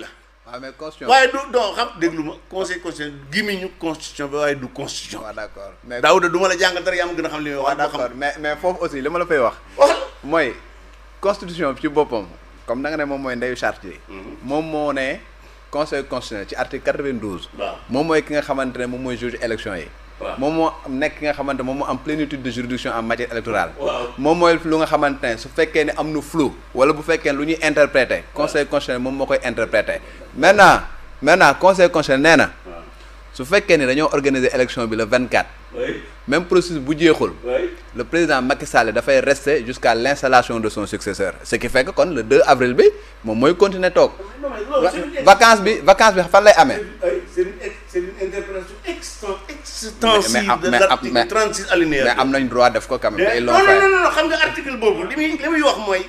la
waaw ah, mais constitution waaye du
non xam déglu ma conseil constitution gimiñu constitution bi waaye du constitution. waaw ah, d' accord mais Daouda
du ma la jàngal dara yaa ma gën a xam li may wax. Ah, daa mais mais foofu aussi li ma la fay wax. mooy constitution bi ci boppam comme nanga ne moom mooy ndeyu charte mhm. moom moo ne conseil constitutionnel ci article 92. waaw moom mooy ki nga xamante ne moom mooy juge élection yi. Je suis en nga plénitude de juridiction en matière électorale moom mooy lu nga xamante ne su fekkee ne am flou wala bu fekkee ne lu ñuy Le conseil constitutionnel moom moo koy maintenant maintenant conseil constitutionnel est na su fekkee ne dañoo organiser élection le 24 même processus bu le président Macky Sall fait rester jusqu'à l'installation de son successeur ce qui fait que le 2 avril bi moom à continuer toog Vacances, bi vacance bi fan lay
c'est une interprétation extrême substantive
am nañ droit def ko quand même. non non
xam nga article boobu li muy wax mooy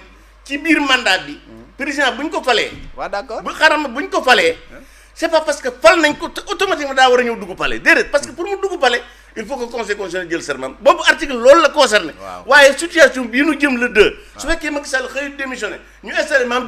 ci biir mandat bi. président bu ñu ko falee. bu xaram bu ñu ko falee. c'est pas parce que fal nañ ko automatiquement daa war a ñëw dugg palais déedéet parce que pour mu dugg palais il faut que conseil constitutionnel jël serment boobu article loolu la concerné. waaye situation bii nu jëm le deux. su ah. fekkee Macky Sall xëy démissionné ñu installé Mame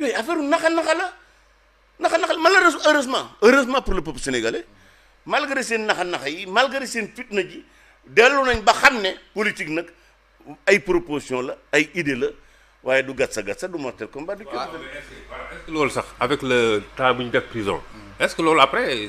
yooyu affaire naxa naxa la naxa naxa malheureusement heureusement heureusement pour le peuple sénégalais malgré ces naxa naxa yi malgré ces fitna ji delu nañ ba xamné politique nak ay proposition la ay idée la waye du gatsa
gatsa du mortel combat du. est-ce que loolu sax avec le temps buñ def prison. est-ce que loolu après.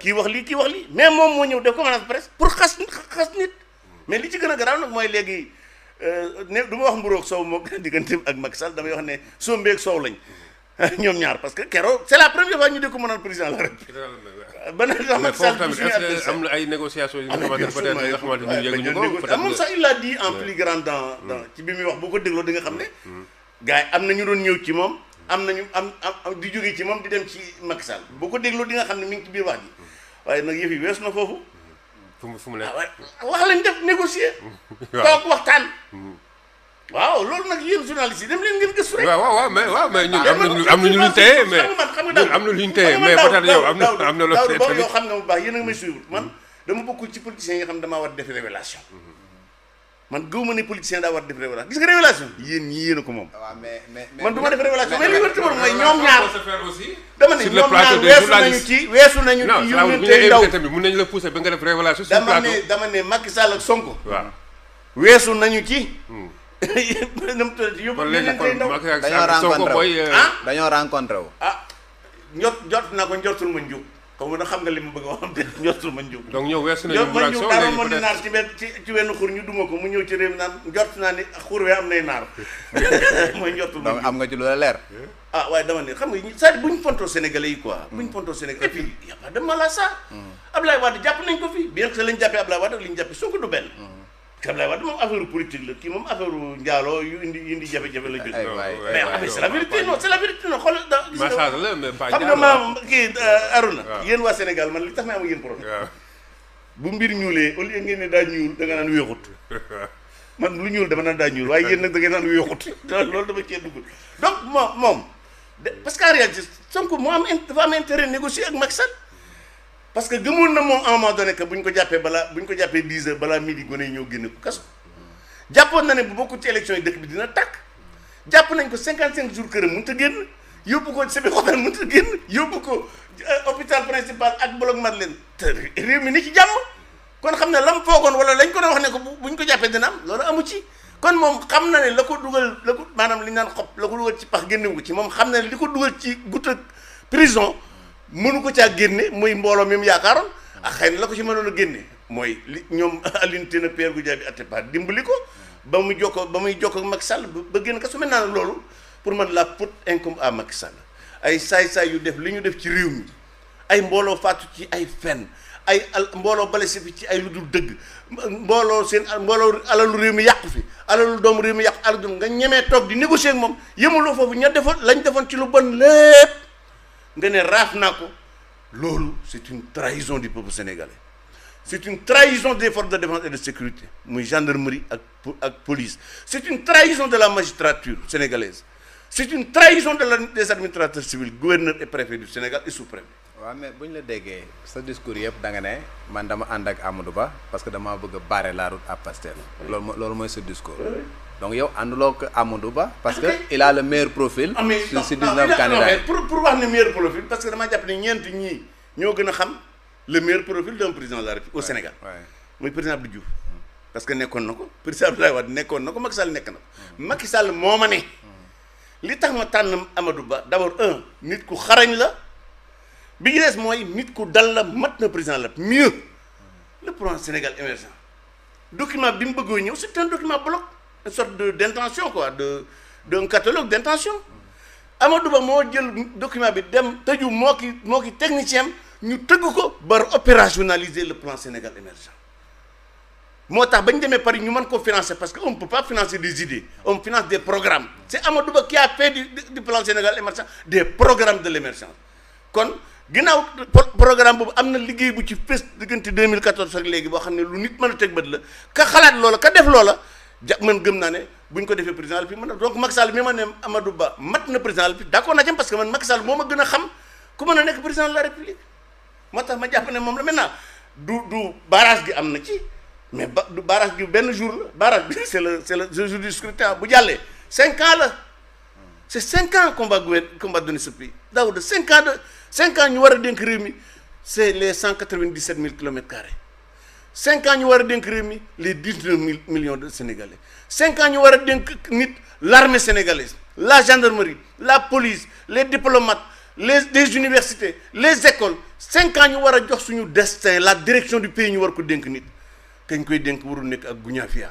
kii wax lii kii wax lii mais moom moo ñëw def conférence presse pour xas xas nit mais li ci gën a garaaw nag mooy léegi euh, ne du wax mburoog soow moo diggante ak Macky Sall damay wax ne sombe ak soow lañ ñoom ñaar parce que keroog c'est la première fois ñu a président la rek. ban la Macky ne peut-être nga xamante moom sax il l'a en plus grand mm. dans ci bi muy wax boo ko dégloo di nga xam ne mm. Mm. gars am na ñu doon ñëw ci moom am nañu am am di jóge ci moom di dem ci Macky Sall boo ko dégloo di nga xam ne mi ngi ci biir wax ji waaye nag yëf yi wees na foofu. fu mu fu mu nekk ah, wax lañ def négocier. waaw toog waxtaan. Mm-hmm. waaw loolu nag yéen journaliste yi dem leen ngeen gëstu rek. waaw waaw mais waaw mais am na am na ñu luñ mais ñun am
na luñ téye mais ba tax xam
nga bu baax yéen a may suivre man mm-hmm. dama bokkul ci politiciens yi nga xam ne damaa war def révélation mm-hmm. man gëw ma ne politicien daa war def révélation gis nga révélation yéen ñii yéen a ko moom. waaw ah, mais mais man du ma def révélation mais li wër ci moom mooy ñoom ñaar.
dama ne ñoom ñaar weesu nañu ci weesu nañu ci yónnee ndaw non mun nañu la pousser ba nga def révélation. sur plateau dama ne
dama ne Macky Sall ak Sonko.
waaw weesu nañu ci.
na mu tuddati yóbbu yónnee ndaw dañoo rencontré wu euh, ah?
dañoo rencontré wu.
ah njot jot ko njotul ma njuk. xaw na xam nga li ma bëgg a
wax te njortul ma njuum. donc ñëw weesu nañu
ma njuum daal moom ni naar ci benn ci ci benn xur njort naa ni xur wee am na naar
mooy njortul ma am nga ci loola leer
ah waaye dama ne xam nga cest à bu ñu fontoo sénégalais yi quoi hmm. bu ñu fontoo sénégalais et puis y a pas de mal à ça hmm. Ablaye Wade jàpp nañ ko fii bien que lañ jàppee Ablaye Wade ak li ñu jàppee Sonko du benn hmm. Abdoulaye Wade moom affaire politique la kii moom affaire njaaloo yu indi indi jafe-jafe la jógee. mais ah mais c'est la vérité non c'est la vérité non euh, waa Sénégal man li tax may am yéen problème. bu mbir ñuulee au lieu ngeen ne daa ñuul da nga naan weexut. man lu ñuul dama naan daa ñuul waaye yéen nag da ngeen naan weexut loolu dama cee dugg donc moom moom de parce que en réalité Sonko moo am dafa am intérêt négocier ak Macky Sall parce que gëmoon na moom à un moment donné que bu ñu ko jàppee balaa bu ñu ko jàppee dix heures balaa midi gone yi ñëw génne ko kaso jàppoon na ne bu bokkul ci élection yi dëkk bi dina tàkk jàpp nañ ko cinquante cinq jours këram mënut a génn yóbbu ko sebi xotaan mënut a génn yóbbu ko euh, hôpital principal ak bloc leen te réew mi ni ci jàmm kon xam ne lam foogoon wala lañ ko doon wax ne ko bu ñu ko jàppee dina loolu amu ci kon moom xam na ne la ko dugal la ko maanaam li ñu naan xob la ko dugal ci pax génnewu ko ci moom xam na ko dugal ci guta mënu ko caa génne muy mbooloo mi mu yaakaaroon ak ah, xëy na la ko ci mënoon a génne mooy li ñoom Alioune Tine Pierre Goudiaby Atépa dimbali ko hmm. ba mu jokko ba muy jokko Macky Sall ba génn kaso naa loolu pour man laa put income a Macky Sall ay saay-saay yu def li ñu def ci réew mi ay mbooloo faatu ci ay fen ay al mbooloo balesi fi ci ay lu dul dëgg mbooloo seen mbooloo alalu réew mi yàqu fi alalu doomu réew mi yàqu alalu nga ñemee toog di négocier ak moom yëmuloo foofu ña defoon lañ defoon ci lu bon lépp c'est une trahison du peuple sénégalais c'est une trahison des forces de défense et de sécurité des gendarmerie et police c'est une trahison de la magistrature sénégalaise c'est une trahison des administrateurs civils gouverneurs et préfets du Sénégal et suprême.
Oui, mais si vous la ce discours yëpp da nga ne man dama parce que je bëgg barrer la route à Pasteur. C'est ce discours donc yow ànduloo ko Amadou Ba. parce que ah, il a le meilleur profil. Ah, sur si 19 candidats yi
pour pour wax le meilleur profil parce que dama jàpp ne ñeent ñii ñoo gën a xam le meilleur profil d'un président de la République au Sénégal. le président Abdou Diouf. parce que nekkoon nako président Abdoulaye Wade nekkoon nako Macky Sall nekk na mm. Macky Sall moma ma ne. li tax ma tan Amadou Ba d'abord un nit ku xarañ la bi ñu des mooy nit ku dal la mat na président la mieux le président Sénégal émergent document bi mu bëggoo ñëw c'est un document bloc une sorte d'intention quoi de d'un catalogue d'intention Amadou Ba moo jël document bi dem tëju moo qui technicien ñu tëgg ko opérationnaliser le plan Sénégal émergent moi tax ba ñu Paris ñu mën ko financer parce que on ne peut pas financer des idées on finance des programmes c'est Amadou Ba qui a fait du, du plan Sénégal émergent des programmes de l'émergence kon le programme boobu am na liggéey bu 2014 ak léegi boo xam lu nit a fait. la ka ja man gëm naa ne bu ñu ko defee président bi mën a donc Macky Sall mi ma ne Amadou Ba mat na président bi d'accord naa ci parce que man Macky Sall a a nekk président de la république moo ma jàpp moom la maintenant du du barrage gi am na ci mais ba du barrage gi benn jour la barrage bi c'est le c'est le jour du bu jàllee cinq ans la c'est cinq ans qu'on va gouverner qu'on va donner de cinq ans ñu war a dénk réew mi c'est les cent quatre-vingt-dix-sept mille kilomètres carrés 5 ans nous avons les 19 millions de sénégalais 5 ans nous avons l'armée sénégalaise la gendarmerie la police les diplomates les universités les écoles 5 ans nous avons destin la direction du pays Nous avons ko dénk nit nous koy créé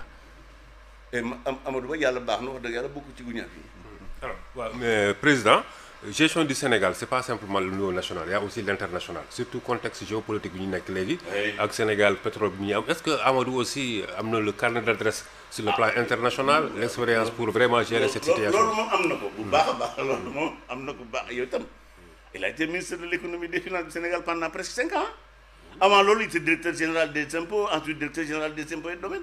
et
Ba président gestion du Sénégal ce n'est pas simplement le niveau national il y a aussi l'international surtout le contexte géopolitique bi ñu nekk léegi. ak Sénégal pétrole est-ce que Amadou aussi a le carnet d'adresse sur le plan international l'expérience pour vraiment gérer cette situation.
il a été ministre de l'économie des finances du Sénégal pendant presque 5 ans avant il était directeur général des impôts ensuite directeur général des impôts et domaines.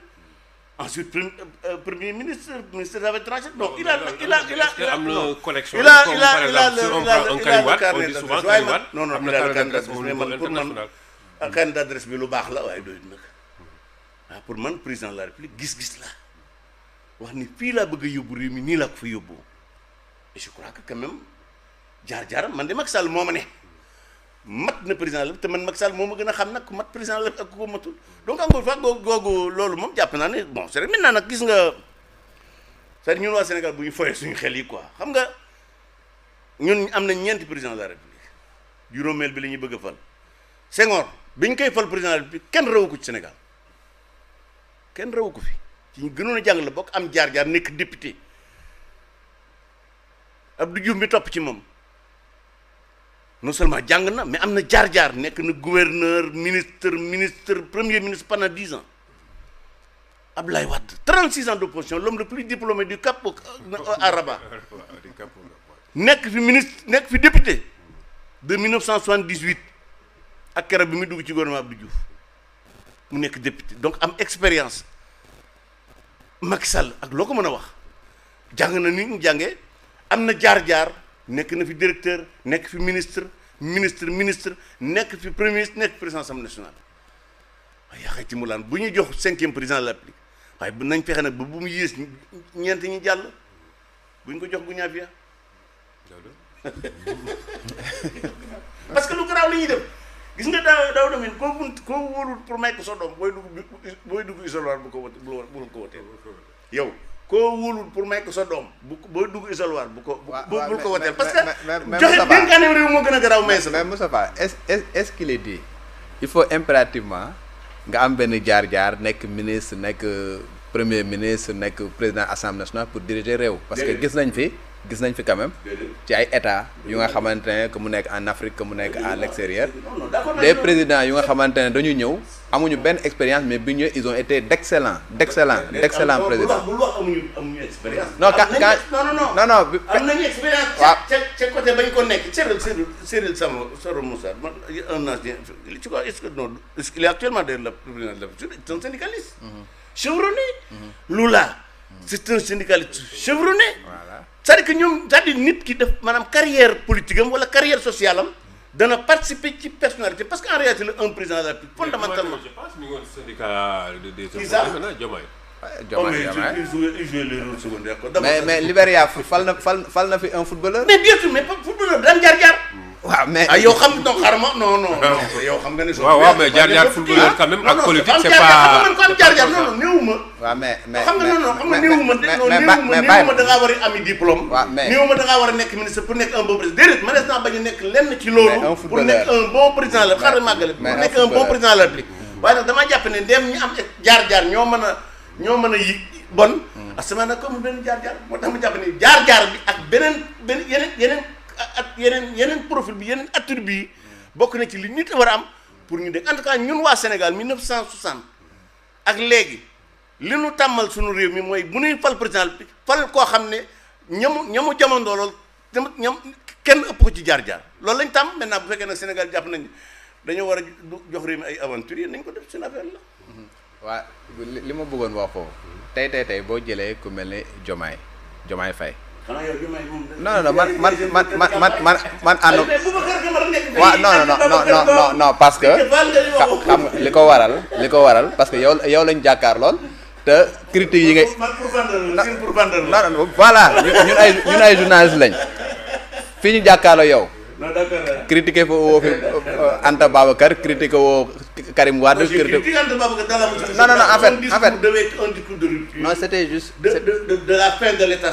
ensuite premier euh, premier ministre ministre des affaires étrangères non il a il a il a il a non il il a le il il a le carnet d'adresse waaye le carnet d'adresse mais ah, lu baax la waaye doyul nag ah pour man président la république gis-gis la wax ni fii laa bëgg yóbbu réew mi nii laa ko fa yóbbu et je que quand même jaar-jaaram man de Macky moo ma ne. mat na président la te man Macky Sall moo ma gën xam nak mat président la ak ko matul donc encore fa fois lolu mom japp na ni bon c'est vrai nak gis nga c'est ñun wa Sénégal bu ñu foyee suñu xel yi quoi xam nga ñun am na ñeenti président de la république romel bi lañu bëgg fal Senghor biñ koy fal président de la république kenn rawu ko ci Sénégal kenn rew ko fi ci ñu gënoon a la bok am jaar-jaar nek député Abdou Diouf mi topp ci mom non seulement jàng na mais am na jaar-jaar nekk na gouverneur ministre ministre premier ministre pendant dix ans Abdoulaye Wade 36 ans d'opposition l'homme le plus diplômé du Cap euh, à Rabat nekk fi ministre nekk fi député de 1978 ak keroog bi muy dugg ci gouvernement Abdou Diouf mu nekk député donc am expérience Macky Sall ak loo ko mën a wax jàng na ni mu jàngee am na jaar-jaar. nekk na fi directeur nekk fi ministre ministre ministre nekk fi premier ministre nekk président assemblée nationale waaye yaxay ci mu laan bu ñu jox cinquième président la République waaye bu nañ fexe nag ba bu mu yées ñeent ñi jàll bu ñu ko jox gu ñaa fiya parce que lu garaaw li ñuy def gis nga daaw daaw domin koo bunt koo wóorul pour may ko sa doom booy dugg booy dugg isoloir bu ko wote bu ko wotee yow koo wóolul pour may sa doom bu boo dugg isoloir bu ko. bul ko woteel parce que. joxe dénkaane réew moo gën a garaaw may sa.
mais Moustapha est est il faut impérativement nga am benn jaar-jaar nekk ministre nekk premier ministre nekk président assemblée nationale pour diriger réew. parce que gis nañ fi. gis nañ fi quand même ay nga en Afrique que mu à l'extérieur des présidents yu nga dañu amuñu expérience mais ils ont été d'excellents d'excellents d'excellents présidents
non non non expérience côté bañ ko Cyril Cyril Cyril Soro un est-ce que est-ce actuellement syndicaliste mm-hmm. chevronné mm-hmm. Lula c'est un syndicaliste chevronné c'est-à-dire que ñoom c'est-à-dire nit ki def maanaam carrière politique am wala carrière sociale am dana participer ci personnalité parce que en réalité la un président de la
République
fondamentalement. Ah, mais mais Libéria
fal na fal fal na fi un footballeur. mais bien sûr mais footballeur daan jaar jaar.
waaw mais ah yow xam donc xarma non non yow xam nga ne. waaw waaw mais jaar jaar footballeur quand même ak politique c'est pas non non jaar jaar non non
mais mais xam nga
non non xam nga a ami diplôme. waaw mais néewuma da ngaa war a nekk ministre pour nekk un bon président déedéet ma des naa bañ a nekk lenn ci loolu. pour nekk un bon président la xaaral waaye nag damaa jàpp ne ndem ñi am e jaar jaar ñoo mën a ñoo mën a yi bon. Hmm. asamaan nag comme benn jaar jaar moo tax ma jàpp ne jaar jaar bi ak beneen yeneen ak yeneen yeneen profil bi yeneen attribut bi bokk na ci li nit war a am pour ñu dégg en tout cas ñun waa Sénégal 1960 ak léegi li nu tàmmal sunu réew mi mooy bu ñuy fal président fal koo xam ne ñamu ñamu jamono lool ñam kenn ëpp ko ci jaar-jaar loolu lañ tàmm naa bu fekkee nag Sénégal jàpp nañ dañoo war a jox réew mi ay aventuriers nañ ko def seen affaire la.
waa mmh. li ma bëggoon wax foofu tey tey tey boo jëlee ku mel ne Jomaay Jomaay Faye non non man man man man man man man ànd.
waaw non non non non non non parce que
xam nga li ko waral li ko waral parce que yow yow lañ jàkkaar lool te critiques yi ngay.
non non voilà ñun
ay ñun ay journaliste lañ fii ñu jàkkaarloo yow. critiqué fa woo fi euh, Anta Babacar critiqué woo Karim Wade. critiqué
Anta Babacar dans la non non non en fait en fait. non c'était juste. de de de la fin de l'état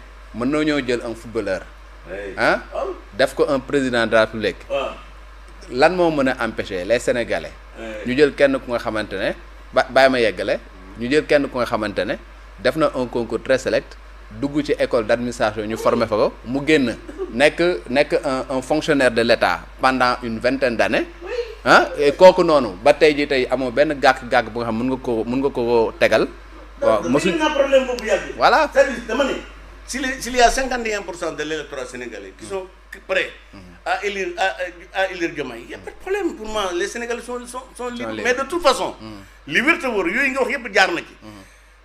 mën na ñoo jël un footballeur hein. Ah. def ko un président de la République ah. lan mo mën empêcher les sénégalais ñu jël kenn ku nga xamantene bayma ba ñu jël kenn ku nga xamantene ne def na un concours très select. dugg ci école d'administration ñu formé fa ko mu génn nek nek un un fonctionnaire de l'État pendant une vingtaine d'années ah kooku nonu ba tay ji tay amo ben gak gak bu nga xam mën nga ko mën nga ko tegal problème
voilà dama s'il y a 51% de l'électorat sénégalais qui sont prêts à élire, à, à élire Diomaye, il n'y a pas de problème pour moi. Les Sénégalais sont, sont, sont libres. Mais de toute façon, liberté, il y a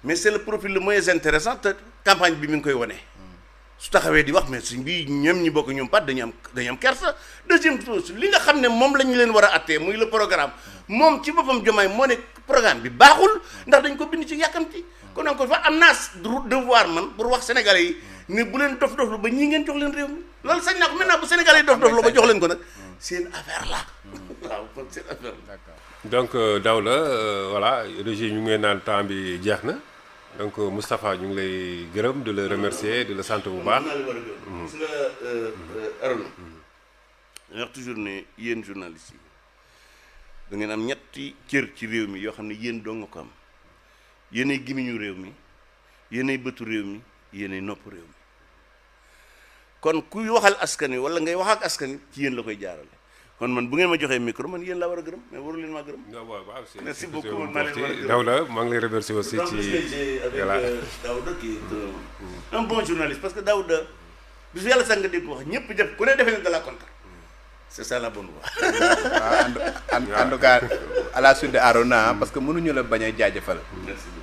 Mais c'est le profil le moins intéressant bi la ngi koy wone su taxawee di wax mais suñ bi ñoom ñi bokk ñoom pat dañu am dañu am kersa deuxième chose li nga xam ne moom la ñu leen war a attee muy le programme moom ci boppam Diomaye moo ne programme bi baaxul ndax dañ ko bind ci yàkkamti kon encore fa am naa devoir man pour wax sénégalais yi ne bu len dof dof lu ba ñi ngeen jox len réew lool sañ naa ko maintenant bu sénégalais dof dof lu ba jox len ko nak
seen affaire la hmm. waaw kon seen affaire la donc euh, dawla euh, voilà régie ñu ngi nane temps bi jeexna donc euh, mustapha ñu ngi lay gërëm de le remercier de le sant bu baax. Hmm. gis
nga Arona. Hmm. dañuy wax toujours ne yéen journalistes yi da ngeen am ñetti cër ci réew mi yo xam yeen do nga ko am yéenay gimiñu réew mi yene bëtu réew mi yene nopp réew mi kon kuy waxal askan wi wala ngay wax ak askan ci yeen la koy jaarale kon man bu ngeen ma joxe micro man yeen la wara a gërëm mais waru leen ma gërëm. waaw
waaw c' est merci beaucoup man maa leen war a gërëm ngi lay remercier aussi ci voilà euh, daw qui ki
un bon journaliste parce que daw Daouda bis yalla sang di ko wax ñepp jëpp ku ne defee ne la kontaan
c'est ça la bonne voix ah, en tout cas à la suite de Arona parce que mënu ñu la baña a merci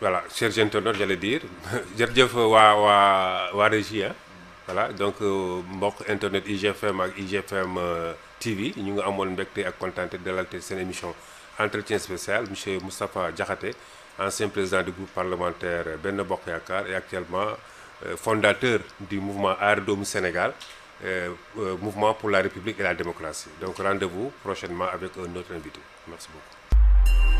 voilà Serge internautes j'allais dire j'ai wa, wa, régie hein. voilà donc euh, internet IGFM et IGFM euh, TV Nous avons été de de contenté émission entretien spécial M. Moustapha Djakate, ancien président du groupe parlementaire euh, Ben yakar et actuellement fondateur du mouvement Ardo Sénégal mouvement pour la République et la démocratie donc rendez-vous prochainement avec un autre invité merci beaucoup